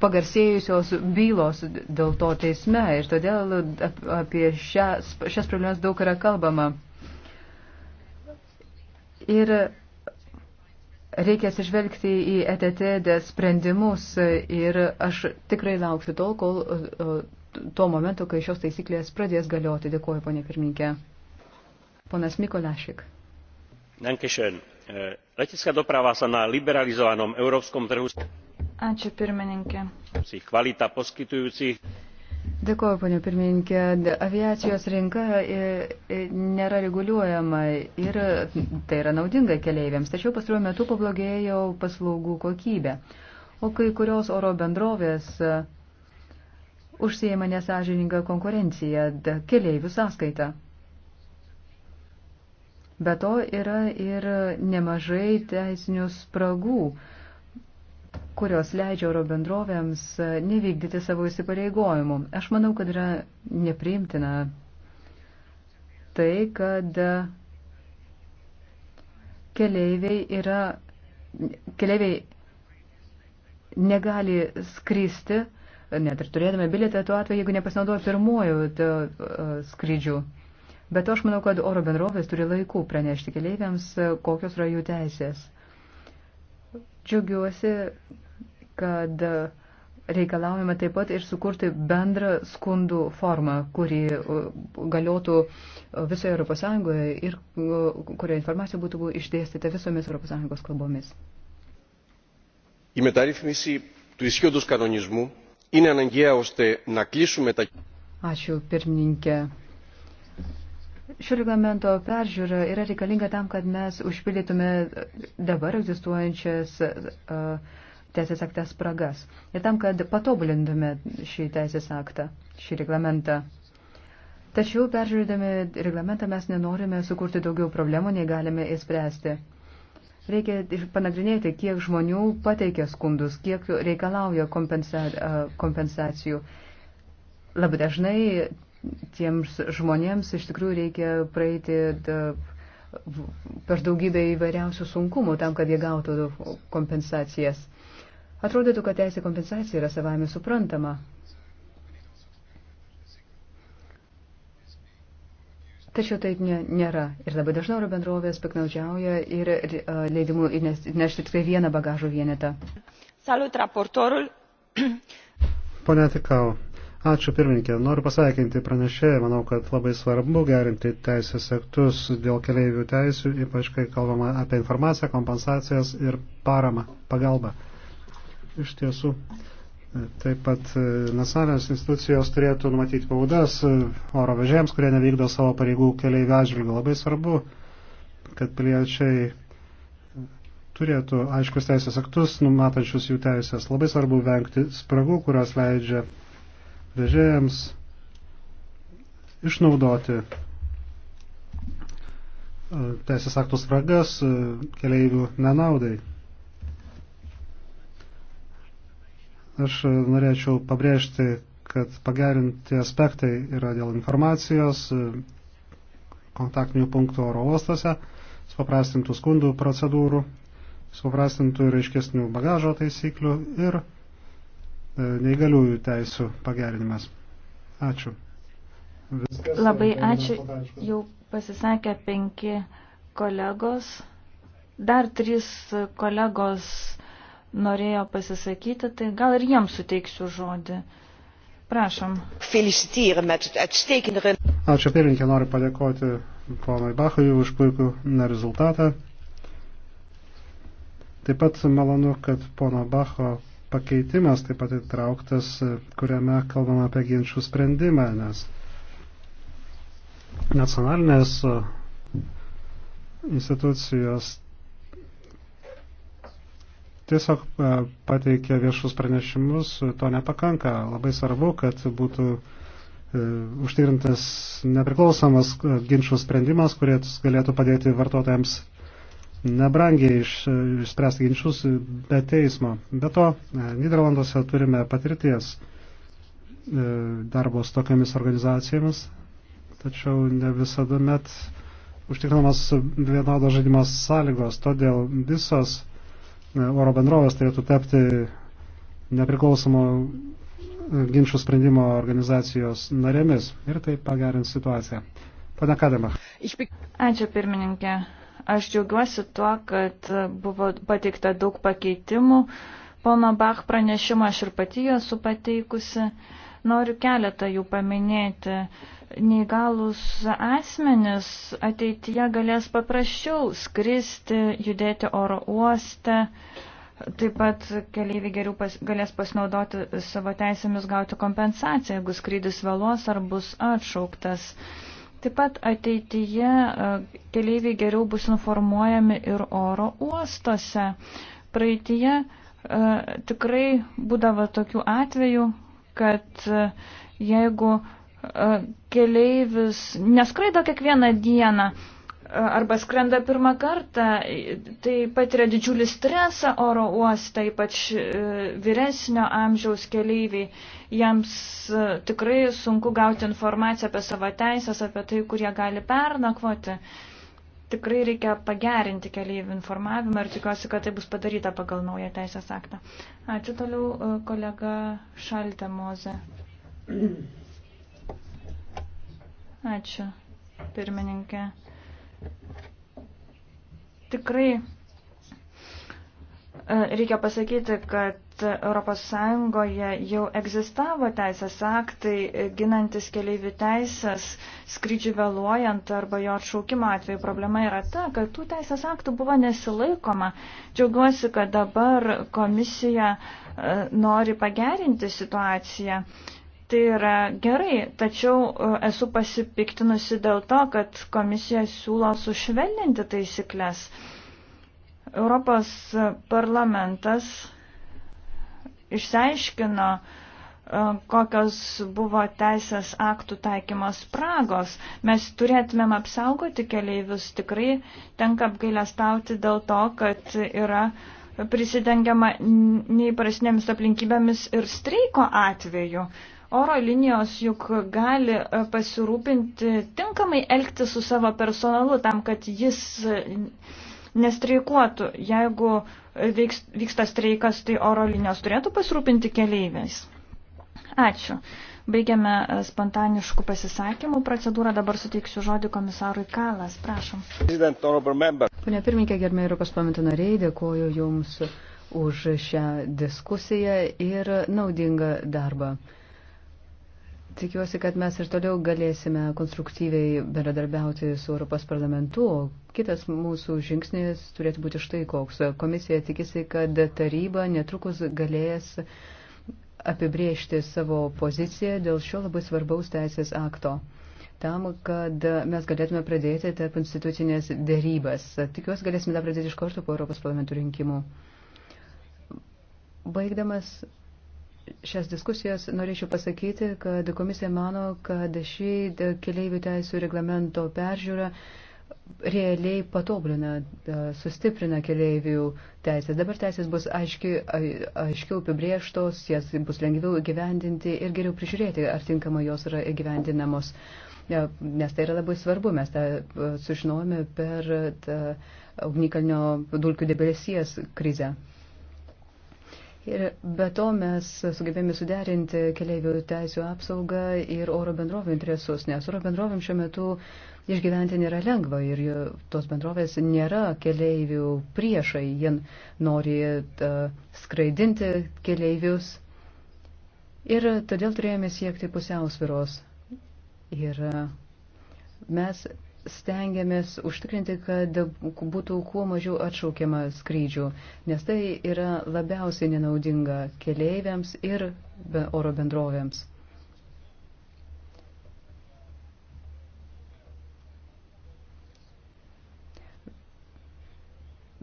pagarsėjusios bylos dėl to teisme ir todėl apie šias, šias problemas daug yra kalbama. Ir reikia sižvelgti į ETT sprendimus ir aš tikrai lauksiu tol, kol e, to momento, kai šios taisyklės pradės galioti. Dėkuoju, ponė pirmininkė. Ponas Mikolašik. Dankeschön. Eh, letecká doprava sa na liberalizovanom európskom trhu. Ačiū pirmininkė. Kvalita poskytujúcich. Dėkuoju, ponio pirmininkė. Aviacijos rinka e, e, nėra reguliuojama ir tai yra naudinga keleiviams, tačiau pastaruoju metu pablogėjo paslaugų kokybė. O kai kurios oro bendrovės e, užsieima nesažininką konkurenciją keleivių sąskaitą. Be to yra ir nemažai teisinių spragų, kurios leidžia oro bendrovėms e, nevykdyti savo įsipareigojimų. Aš manau, kad yra nepriimtina tai, kad e, keleiviai yra, keleiviai negali skristi, net ir turėdami bilietą tuo atveju, jeigu nepasinaudoja pirmojų e, skrydžių. Bet aš manau, kad oro bendrovės turi laiku pranešti keleiviams, e, kokios yra jų teisės. Džiaugiuosi, kad reikalaujame taip pat ir sukurti bendrą skundų formą, kuri e, galiotų visoje Europos Sąjungoje ir e, kurioje informacija būtų išdėstyta visomis Europos Sąjungos kalbomis. Η μεταρρύθμιση του ισχύοντος κανονισμού είναι αναγκαία ώστε να κλείσουμε τα... Ačiū, pirmininkė. Šio reglamento peržiūra yra reikalinga tam, kad mes užpildytume dabar egzistuojančias uh, teisės aktas spragas ir tam, kad patobulintume šį teisės aktą, šį reglamentą. Tačiau peržiūrėdami reglamentą mes nenorime sukurti daugiau problemų, nei galime įspręsti. Reikia panagrinėti, kiek žmonių pateikia skundus, kiek reikalauja kompensa, kompensacijų. Labai dažnai tiems žmonėms iš tikrųjų reikia praeiti per daugybę įvairiausių sunkumų tam, kad jie gautų kompensacijas. Atrodytų, kad teisė kompensacija yra savame suprantama. Tačiau taip nėra. Ir labai dažnai oro bendrovės piknaudžiauja ir e, leidimų nešti tik vieną bagažo vienetą. Salut raportorul. Pone Tikau, Ačiū pirmininkė. Noriu pasveikinti pranešėją. Manau, kad labai svarbu gerinti teisės aktus dėl keleivių teisių, ypač kai kalbama apie informaciją, kompensacijas ir paramą, pagalbą. Iš tiesų, taip pat e, nacionalinės institucijos turėtų numatyti baudas e, oro vežėjams, kurie nevykdo savo pareigų keleivių atžvilgių. Labai svarbu, kad piliečiai turėtų aiškus teisės aktus, numatančius jų teisės. Labai svarbu vengti spragų, kurios leidžia vežėjams išnaudoti e, teisės aktų spragas e, keleivių nenaudai. Aš e, norėčiau pabrėžti, kad pagerinti aspektai yra dėl informacijos kontaktinių punktų oro uostose, supaprastintų skundų procedūrų, supaprastintų ir aiškesnių bagažo taisyklių ir E, neįgaliųjų teisų pagerinimas. Ačiū. Viskas Labai ačiū. Jau pasisakė penki kolegos. Dar trys kolegos norėjo pasisakyti, tai gal ir jiems suteiksiu žodį. Prašom. Ačiū pirmininkė, noriu padėkoti ponui Bachui už puikų rezultatą. Taip pat malonu, kad pono Bacho pakeitimas taip pat įtrauktas, kuriame kalbama apie ginčių sprendimą, nes nacionalinės institucijos tiesiog e, pateikia viešus pranešimus, to nepakanka. Labai svarbu, kad būtų e, užtikrintas nepriklausomas e, ginčių sprendimas, kuris galėtų padėti vartotojams nebrangiai išspręsti ginčius be teismo. Be to, e, Niderlanduose turime patirties e, darbo su tokiamis organizacijomis, tačiau ne visada met užtikrinamas vienodos žaidimas sąlygos, todėl visos e, oro bendrovės turėtų tapti nepriklausomo ginčių sprendimo organizacijos narėmis ir tai pagerins situaciją. Pane Kadema. Ačiū pirmininkė. Aš džiaugiuosi tuo, kad buvo pateikta daug pakeitimų. Pono Bach pranešimą aš ir pati esu pateikusi. Noriu keletą jų paminėti. Neįgalus asmenis ateityje galės paprasčiau skristi, judėti oro uoste. Taip pat keliaiviai geriau pas, galės pasinaudoti savo teisėmis gauti kompensaciją, jeigu skrydis vėluos ar bus atšauktas. Taip pat ateityje e, keleiviai geriau bus informuojami ir oro uostose. Praeitie e, tikrai būdavo tokių atvejų, kad e, jeigu e, keleivis neskraido kiekvieną dieną, arba skrenda pirmą kartą, tai patiria didžiulį stresą oro uostą, ypač e, vyresnio amžiaus keleiviai. Jiems e, tikrai sunku gauti informaciją apie savo teisės, apie tai, kur jie gali pernakvoti. Tikrai reikia pagerinti keleivių informavimą ir tikiuosi, kad tai bus padaryta pagal naują teisės aktą. Ačiū toliau e, kolega Šaltė Moze. Ačiū, pirmininkė. Tikrai e, reikia pasakyti, kad ES jau egzistavo teisės aktai, ginantis keleivių teisės skrydžių vėluojant arba jo atšaukimo atveju. Problema yra ta, kad tų teisės aktų buvo nesilaikoma. Džiaugiuosi, kad dabar komisija e, nori pagerinti situaciją. Tai yra gerai, tačiau e, esu pasipiktinusi dėl to, kad komisija siūlo sušvelninti taisyklės. Europos parlamentas išsiaiškino, e, kokios buvo teisės aktų taikymos spragos. Mes turėtumėm apsaugoti keleivius, tikrai tenka apgailestauti dėl to, kad yra prisidengiama neįprasnėmis aplinkybėmis ir streiko atveju. Uh, Oro linijos juk gali e, pasirūpinti tinkamai elgti su savo personalu tam, kad jis e, nestreikuotų. Jeigu e, vyksta streikas, tai oro linijos turėtų pasirūpinti keleiviais. Ačiū. Baigiame spontaniškų pasisakymų procedūrą. Dabar suteiksiu žodį komisarui Kalas. Prašom. Pane pirmininkė, gerbėjai Europos parlamento nariai, dėkoju Jums už šią diskusiją ir naudingą darbą. Tikiuosi, kad mes ir toliau galėsime konstruktyviai bendradarbiauti su Europos parlamentu. Kitas mūsų žingsnis turėtų būti štai koks. Komisija tikisi, kad taryba netrukus galės apibriežti savo poziciją dėl šio labai svarbaus teisės akto tam, kad mes galėtume pradėti tarp institucinės dėrybas. Tikiuosi, galėsime tą pradėti iš karto po Europos parlamentų rinkimų. Baigdamas, šias diskusijas norėčiau pasakyti, kad komisija mano, kad šį keliaivių teisų reglamento peržiūrą realiai patobulina, sustiprina keliaivių teisės. Dabar teisės bus aiški, aiškiau apibrieštos, jas bus lengviau gyvendinti ir geriau prižiūrėti, ar tinkamai jos yra gyvendinamos. Nes tai yra labai svarbu, mes tą sužinojome per ugnikalnio dulkių debesies krizę. Ir be to mes sugebėjome suderinti keliaivių teisų apsaugą ir oro bendrovių interesus, nes oro bendrovėm šiuo metu išgyventi nėra lengva ir tos bendrovės nėra keliaivių priešai, jie nori uh, skraidinti keliaivius. Ir todėl turėjome siekti pusiausviros. Ir uh, mes stengiamės užtikrinti, kad būtų kuo mažiau atšaukiama skrydžių, nes tai yra labiausiai nenaudinga keleiviams ir be oro bendrovėms.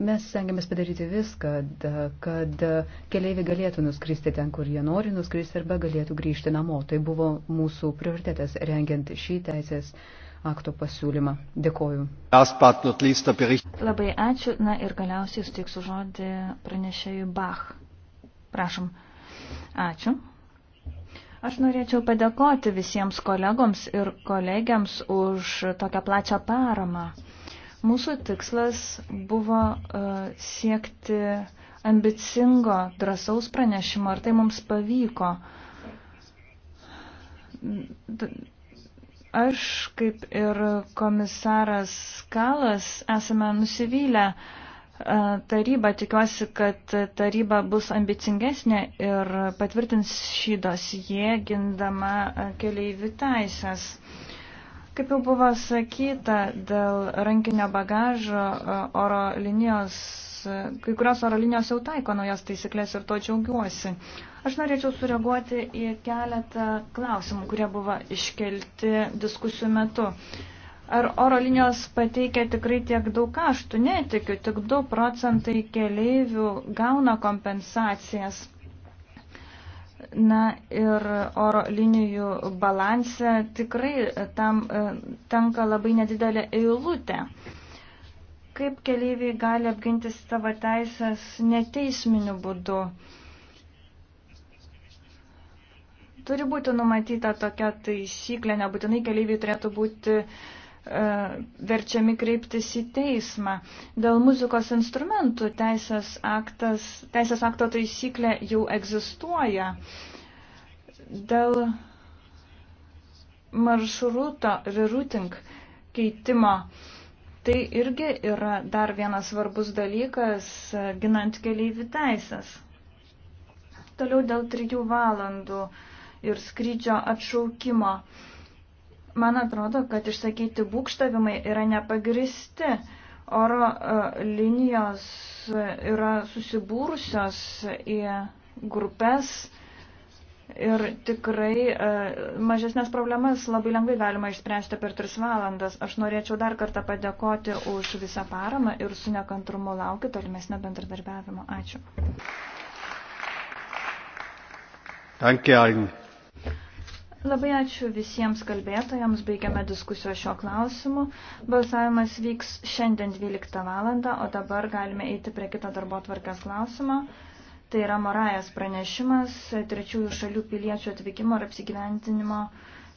Mes stengiamės padaryti viską, kad keleiviai galėtų nuskristi ten, kur jie nori nuskristi arba galėtų grįžti namo. Tai buvo mūsų prioritetas rengiant šį teisės akto pasiūlymą. Dėkoju. Labai ačiū. Na ir galiausiai suteiksiu žodį pranešėjui Bach. Prašom. Ačiū. Aš norėčiau padėkoti visiems kolegoms ir kolegiams už tokią plačią paramą. Mūsų tikslas buvo uh, siekti ambicingo, drąsaus pranešimo ir tai mums pavyko. D Aš, kaip ir komisaras Kalas, esame nusivylę e, tarybą. Tikiuosi, kad taryba bus ambicingesnė ir patvirtins šį dosiją gindama e, keleivių teisės. Kaip jau buvo sakyta, dėl rankinio bagažo e, oro linijos, kai kurios oro linijos jau taiko naujas taisyklės ir to džiaugiuosi. Aš norėčiau sureaguoti į keletą klausimų, kurie buvo iškelti diskusijų metu. Ar oro linijos pateikia tikrai tiek daug kaštų? Netikiu, tik 2 procentai keleivių gauna kompensacijas. Na ir oro linijų balanse tikrai tam e, tenka labai nedidelė eilutė kaip keleiviai gali apginti savo teisės neteisminiu būdu. Turi būti numatyta tokia taisyklė, nebūtinai keliaiviai turėtų būti e, verčiami kreiptis į teismą. Dėl muzikos instrumentų teisės, aktas, teisės akto taisyklė jau egzistuoja. Dėl maršruto rerouting keitimo tai irgi yra dar vienas svarbus dalykas e, ginant keliaivių teisės. Toliau dėl trijų valandų uh, ir skrydžio atšaukimo. Man atrodo, kad išsakyti būkštavimai yra nepagristi. Oro e, linijos e, yra susibūrusios į grupės ir tikrai e, mažesnės problemas labai lengvai galima išspręsti per tris valandas. Aš norėčiau dar kartą padėkoti už visą paramą ir su nekantrumu laukiu tolimesnio bendradarbiavimo. Ačiū. Danke allen. Labai ačiū visiems kalbėtojams, baigiame diskusiją šio klausimu. Balsavimas vyks šiandien 12 val. o dabar galime eiti prie kito darbo tvarkės klausimo. Tai yra Morajas pranešimas trečiųjų šalių piliečių atvykimo ir apsigyventinimo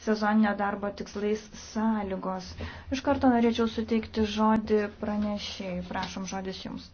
sezoninio darbo tikslais sąlygos. Iš karto norėčiau suteikti žodį pranešėjai. Prašom žodis jums.